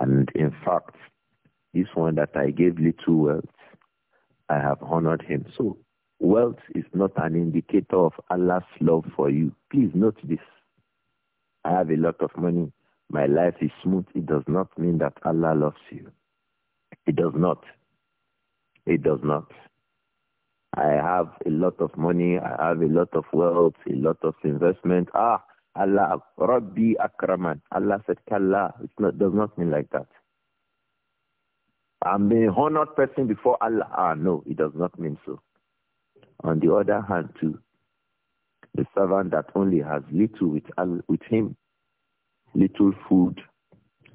[SPEAKER 1] And in fact, this one that I gave little wealth, I have honored him. So wealth is not an indicator of Allah's love for you. Please note this. I have a lot of money. My life is smooth. It does not mean that Allah loves you. It does not. It does not. I have a lot of money. I have a lot of wealth, a lot of investment. Ah, Allah, Rabbi Akraman. Allah said, Kalla. It does not mean like that. I'm a honored person before Allah. Ah, no, it does not mean so. On the other hand, too, the servant that only has little with, with him, little food,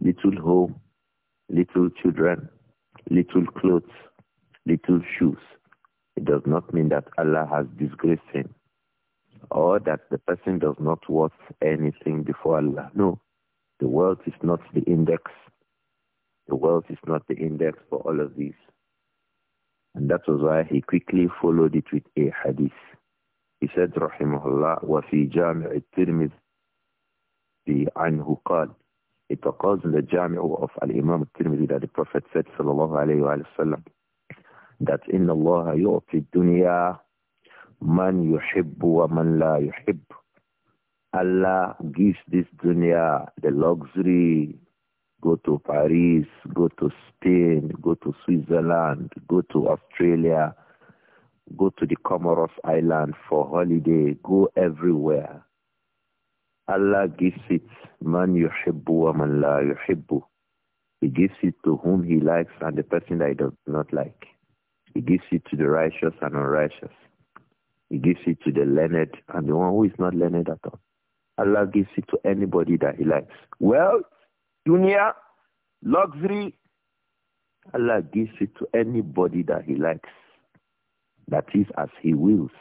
[SPEAKER 1] little home, little children, little clothes, little shoes, it does not mean that Allah has disgraced him or that the person does not worth anything before Allah. No, the wealth is not the index. The wealth is not the index for all of these. And that was why he quickly followed it with a hadith. He said, Was in وفي جامع الترمذ عنه قال It occurs in the Jami' of Al-Imam al-Tirmidhi that the Prophet said, sallallahu alayhi wa sallam, that إِنَّ اللَّهَ يُعْطِي الدُّنْيَا Man yuhibbu wa man la yuhibbu. Allah gives this dunya the luxury. Go to Paris, go to Spain, go to Switzerland, go to Australia, go to the Comoros Island for holiday, go everywhere. Allah gives it man yuhibbu wa man la yuhibbu. He gives it to whom he likes and the person that he does not like. He gives it to the righteous and unrighteous. He gives it to the learned and the one who is not learned at all. Allah gives it to anybody that he likes. Wealth, dunya, luxury, Allah gives it to anybody that he likes. That is as he wills,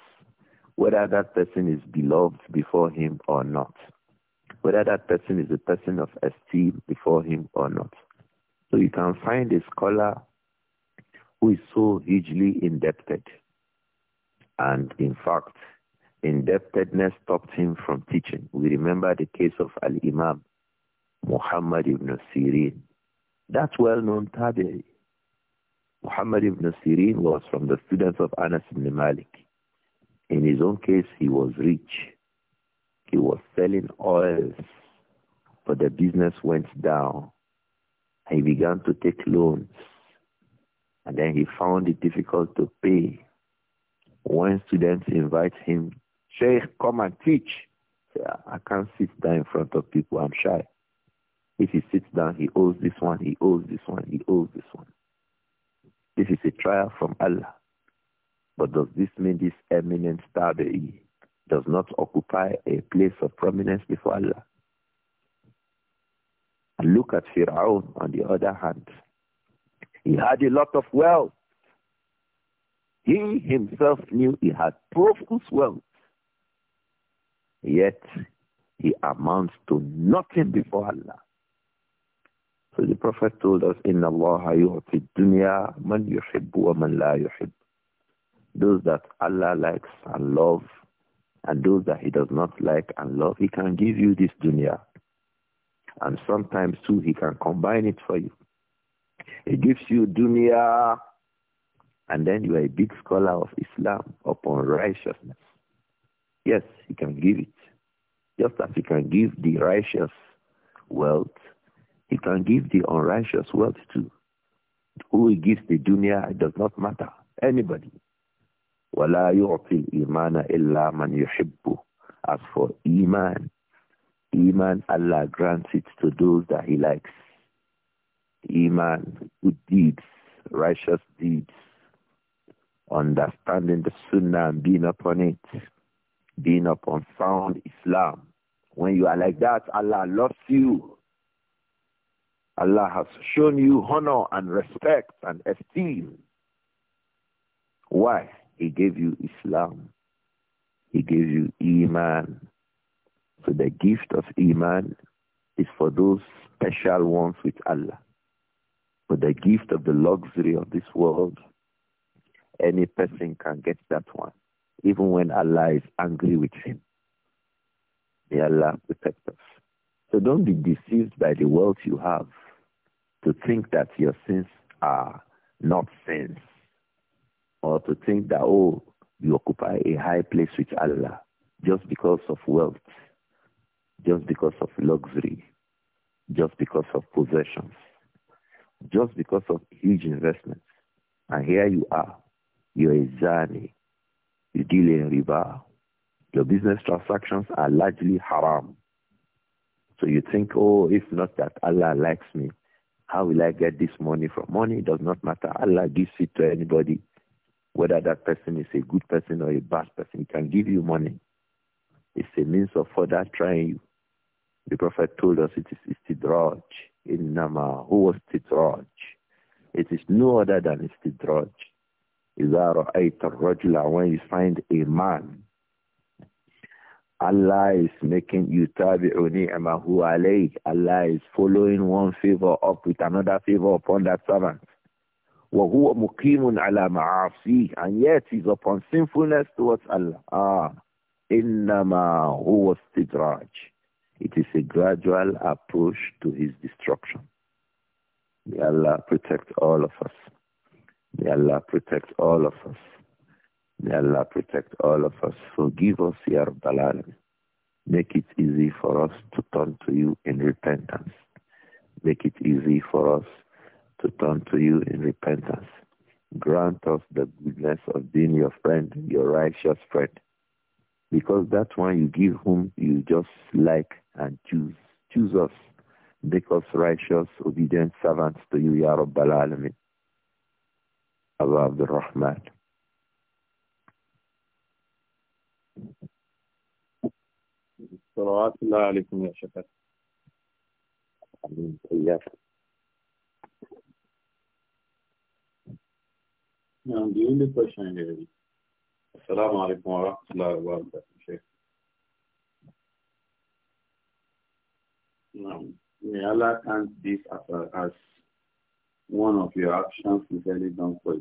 [SPEAKER 1] whether that person is beloved before him or not, whether that person is a person of esteem before him or not. So you can find a scholar who is so hugely indebted and in fact, indebtedness stopped him from teaching. We remember the case of Al-Imam Muhammad ibn Sirin. That well-known tabi'i. Muhammad ibn Sirin was from the students of Anas ibn Malik. In his own case, he was rich. He was selling oils, but the business went down. He began to take loans, and then he found it difficult to pay. When students invite him, Sheikh, come and teach. I can't sit down in front of people. I'm shy. If he sits down, he owes this one, he owes this one, he owes this one. This is a trial from Allah. But does this mean this eminent tabi'i does not occupy a place of prominence before Allah? And look at Fir'aun on the other hand. He had a lot of wealth. He himself knew he had profuse wealth, yet he amounts to nothing before Allah. So the Prophet told us, Inna Allah yu'ti dunya man yuhibbu wa man la yuhibbu. Those that Allah likes and loves, and those that he does not like and love, he can give you this dunya. And sometimes too, he can combine it for you. He gives you dunya and then you are a big scholar of Islam upon righteousness. Yes, you can give it. Just as you can give the righteous wealth, he can give the unrighteous wealth too. Who gives the dunya, it does not matter. Anybody. وَلَا يُعْطِي الْإِيمَانَ إِلَّا مَنْ يُحِبُّ As for Iman, Iman, Allah grants it to those that He likes. Iman, good deeds, righteous deeds, understanding the sunnah and being upon it, being upon sound Islam. When you are like that, Allah loves you. Allah has shown you honor and respect and esteem. Why? He gave you Islam. He gave you Iman. So the gift of Iman is for those special ones with Allah. But the gift of the luxury of this world any person can get that one, even when Allah is angry with him. May Allah protect us. So don't be deceived by the wealth you have to think that your sins are not sins or to think that, oh, you occupy a high place with Allah just because of wealth, just because of luxury, just because of possessions, just because of huge investments. And here you are, you're a zani. You deal in riba. Your business transactions are largely haram. So you think, oh, if not that Allah likes me, how will I get this money from? Money It does not matter. Allah gives it to anybody, whether that person is a good person or a bad person. He can give you money. It's a means of further trying you. The Prophet told us it is istidraj. In Nama, who was istidraj? It is no other than istidraj. إِذَا رَأَيْتَ الرَّجُلَ When you find a man, Allah is making you tabi'u ni'mahu alayk. Allah is following one favor up with another favor upon that servant. وَهُوَ مُقِيمٌ عَلَى مَعَاصِيهِ And yet he's upon sinfulness towards Allah. Ah, إِنَّمَا هُوَ استدراج. It is a gradual approach to his destruction. May Allah protect all of us. May Allah protect all of us. May Allah protect all of us. Forgive us, Ya Rabbal Alamin. Make it easy for us to turn to you in repentance. Make it easy for us to turn to you in repentance. Grant us the goodness of being your friend, your righteous friend. Because that one you give whom you just like and choose. Choose us. Make us righteous, obedient servants to you, Ya Rabbal Alamin. أبا عبد الرحمن صلوات الله عليكم يا شكر إياك نعم the only السلام عليكم ورحمة الله وبركاته شيخ نعم may Allah count this as, as one of your actions is done for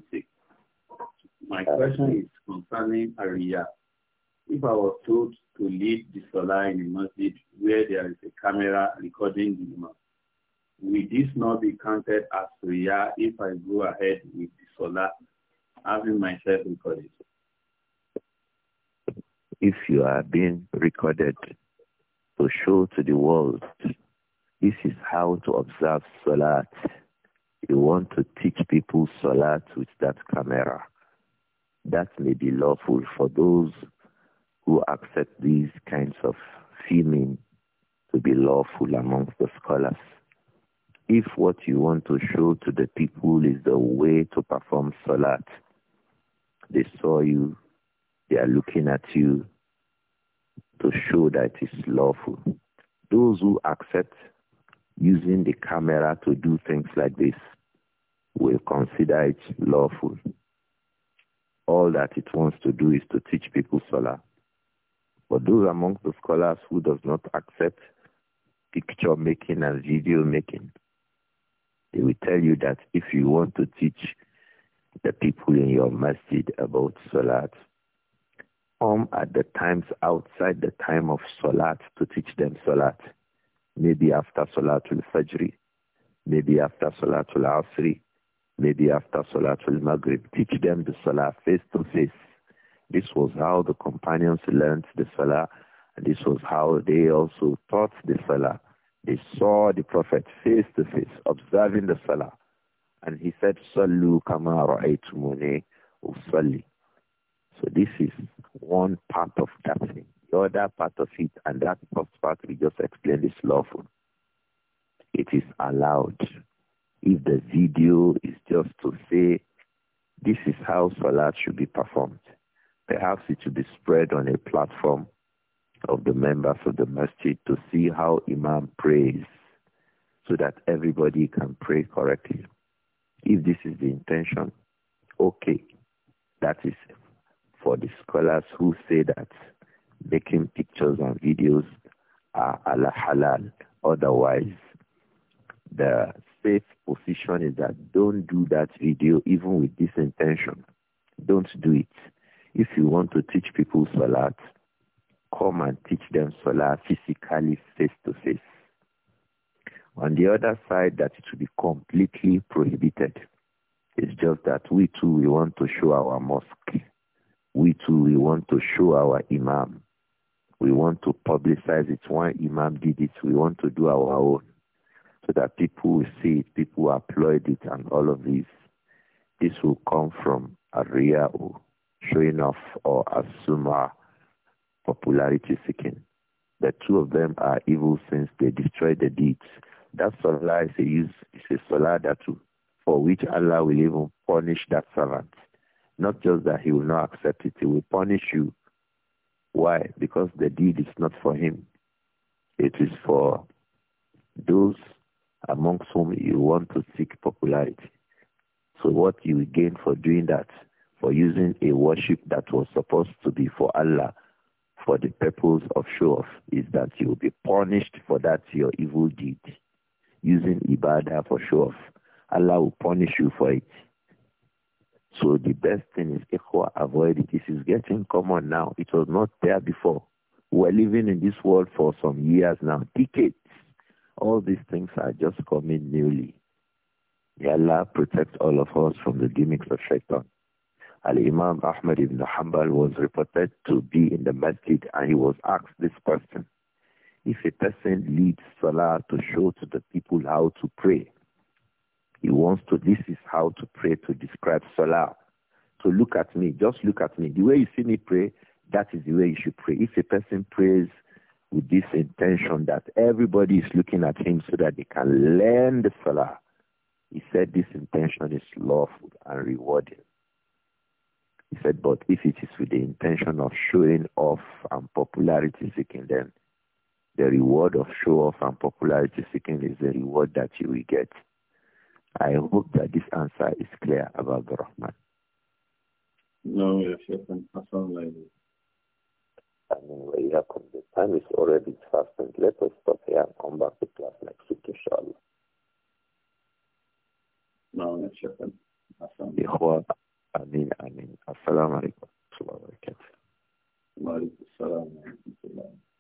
[SPEAKER 1] My uh, question is concerning area. If I was told to lead the solar in a masjid where there is a camera recording the imam, will this not be counted as Ariya if I go ahead with the solar having myself recorded? If you are being recorded to show to the world, this is how to observe solar. You want to teach people salat with that camera. That may be lawful for those who accept these kinds of filming to be lawful amongst the scholars. If what you want to show to the people is the way to perform salat, they saw you, they are looking at you to show that it's lawful. Those who accept using the camera to do things like this, will consider it lawful. All that it wants to do is to teach people Salah. But those among the scholars who does not accept picture making and video making, they will tell you that if you want to teach the people in your masjid about Salat, come at the times outside the time of Salat to teach them Salat. Maybe after Salatul Fajr, maybe after Salatul Asri, maybe after Salatul Maghrib. Teach them the Salah face to face. This was how the companions learned the Salah, and this was how they also taught the Salah. They saw the Prophet face to face, observing the Salah. And he said, Sallu kama ra'aytumuni usalli. So this is one part of that thing. The other part of it, and that first part we just explained, is lawful. It is allowed if the video is just to say, this is how Salat should be performed, perhaps it should be spread on a platform of the members of the masjid to see how Imam prays so that everybody can pray correctly. If this is the intention, okay. That is for the scholars who say that making pictures and videos are halal. Otherwise, the safe position is that don't do that video even with this intention. Don't do it. If you want to teach people Salat, come and teach them Salat physically face to face. On the other side, that it should be completely prohibited. It's just that we too, we want to show our mosque. We too, we want to show our imam. We want to publicize it. One imam did it. We want to do our own so that people will see it, people will applaud it, and all of this. This will come from a real showing off, or Asuma, popularity seeking. The two of them are evil since they destroy the deeds. That salah is a, use, is a salah that will, for which Allah will even punish that servant. Not just that he will not accept it, he will punish you. Why? Because the deed is not for him. It is for those amongst whom you want to seek popularity. So what you gain for doing that, for using a worship that was supposed to be for Allah, for the purpose of show-off, is that you will be punished for that your evil deed. Using ibadah for show-off, Allah will punish you for it. So the best thing is ikhwa, avoid it. This is getting common now. It was not there before. We're living in this world for some years now, decades. All these things are just coming newly. May Allah protect all of us from the gimmicks of shaitan. Al-Imam Ahmad ibn Hanbal was reported to be in the masjid and he was asked this question. If a person leads salah to show to the people how to pray, he wants to, this is how to pray to describe salah. So look at me, just look at me. The way you see me pray, that is the way you should pray. If a person prays with this intention that everybody is looking at him so that they can learn the fella, He said this intention is lawful and rewarding. He said, but if it is with the intention of showing off and popularity seeking, then the reward of show off and popularity seeking is the reward that you will get. I hope that this answer is clear about the Rahman. No, yes, yes, we The time is already fast and let us stop here and come back to class next week, inshallah. No, that's different. إخوة آمين آمين السلام عليكم ورحمة الله وبركاته وعليكم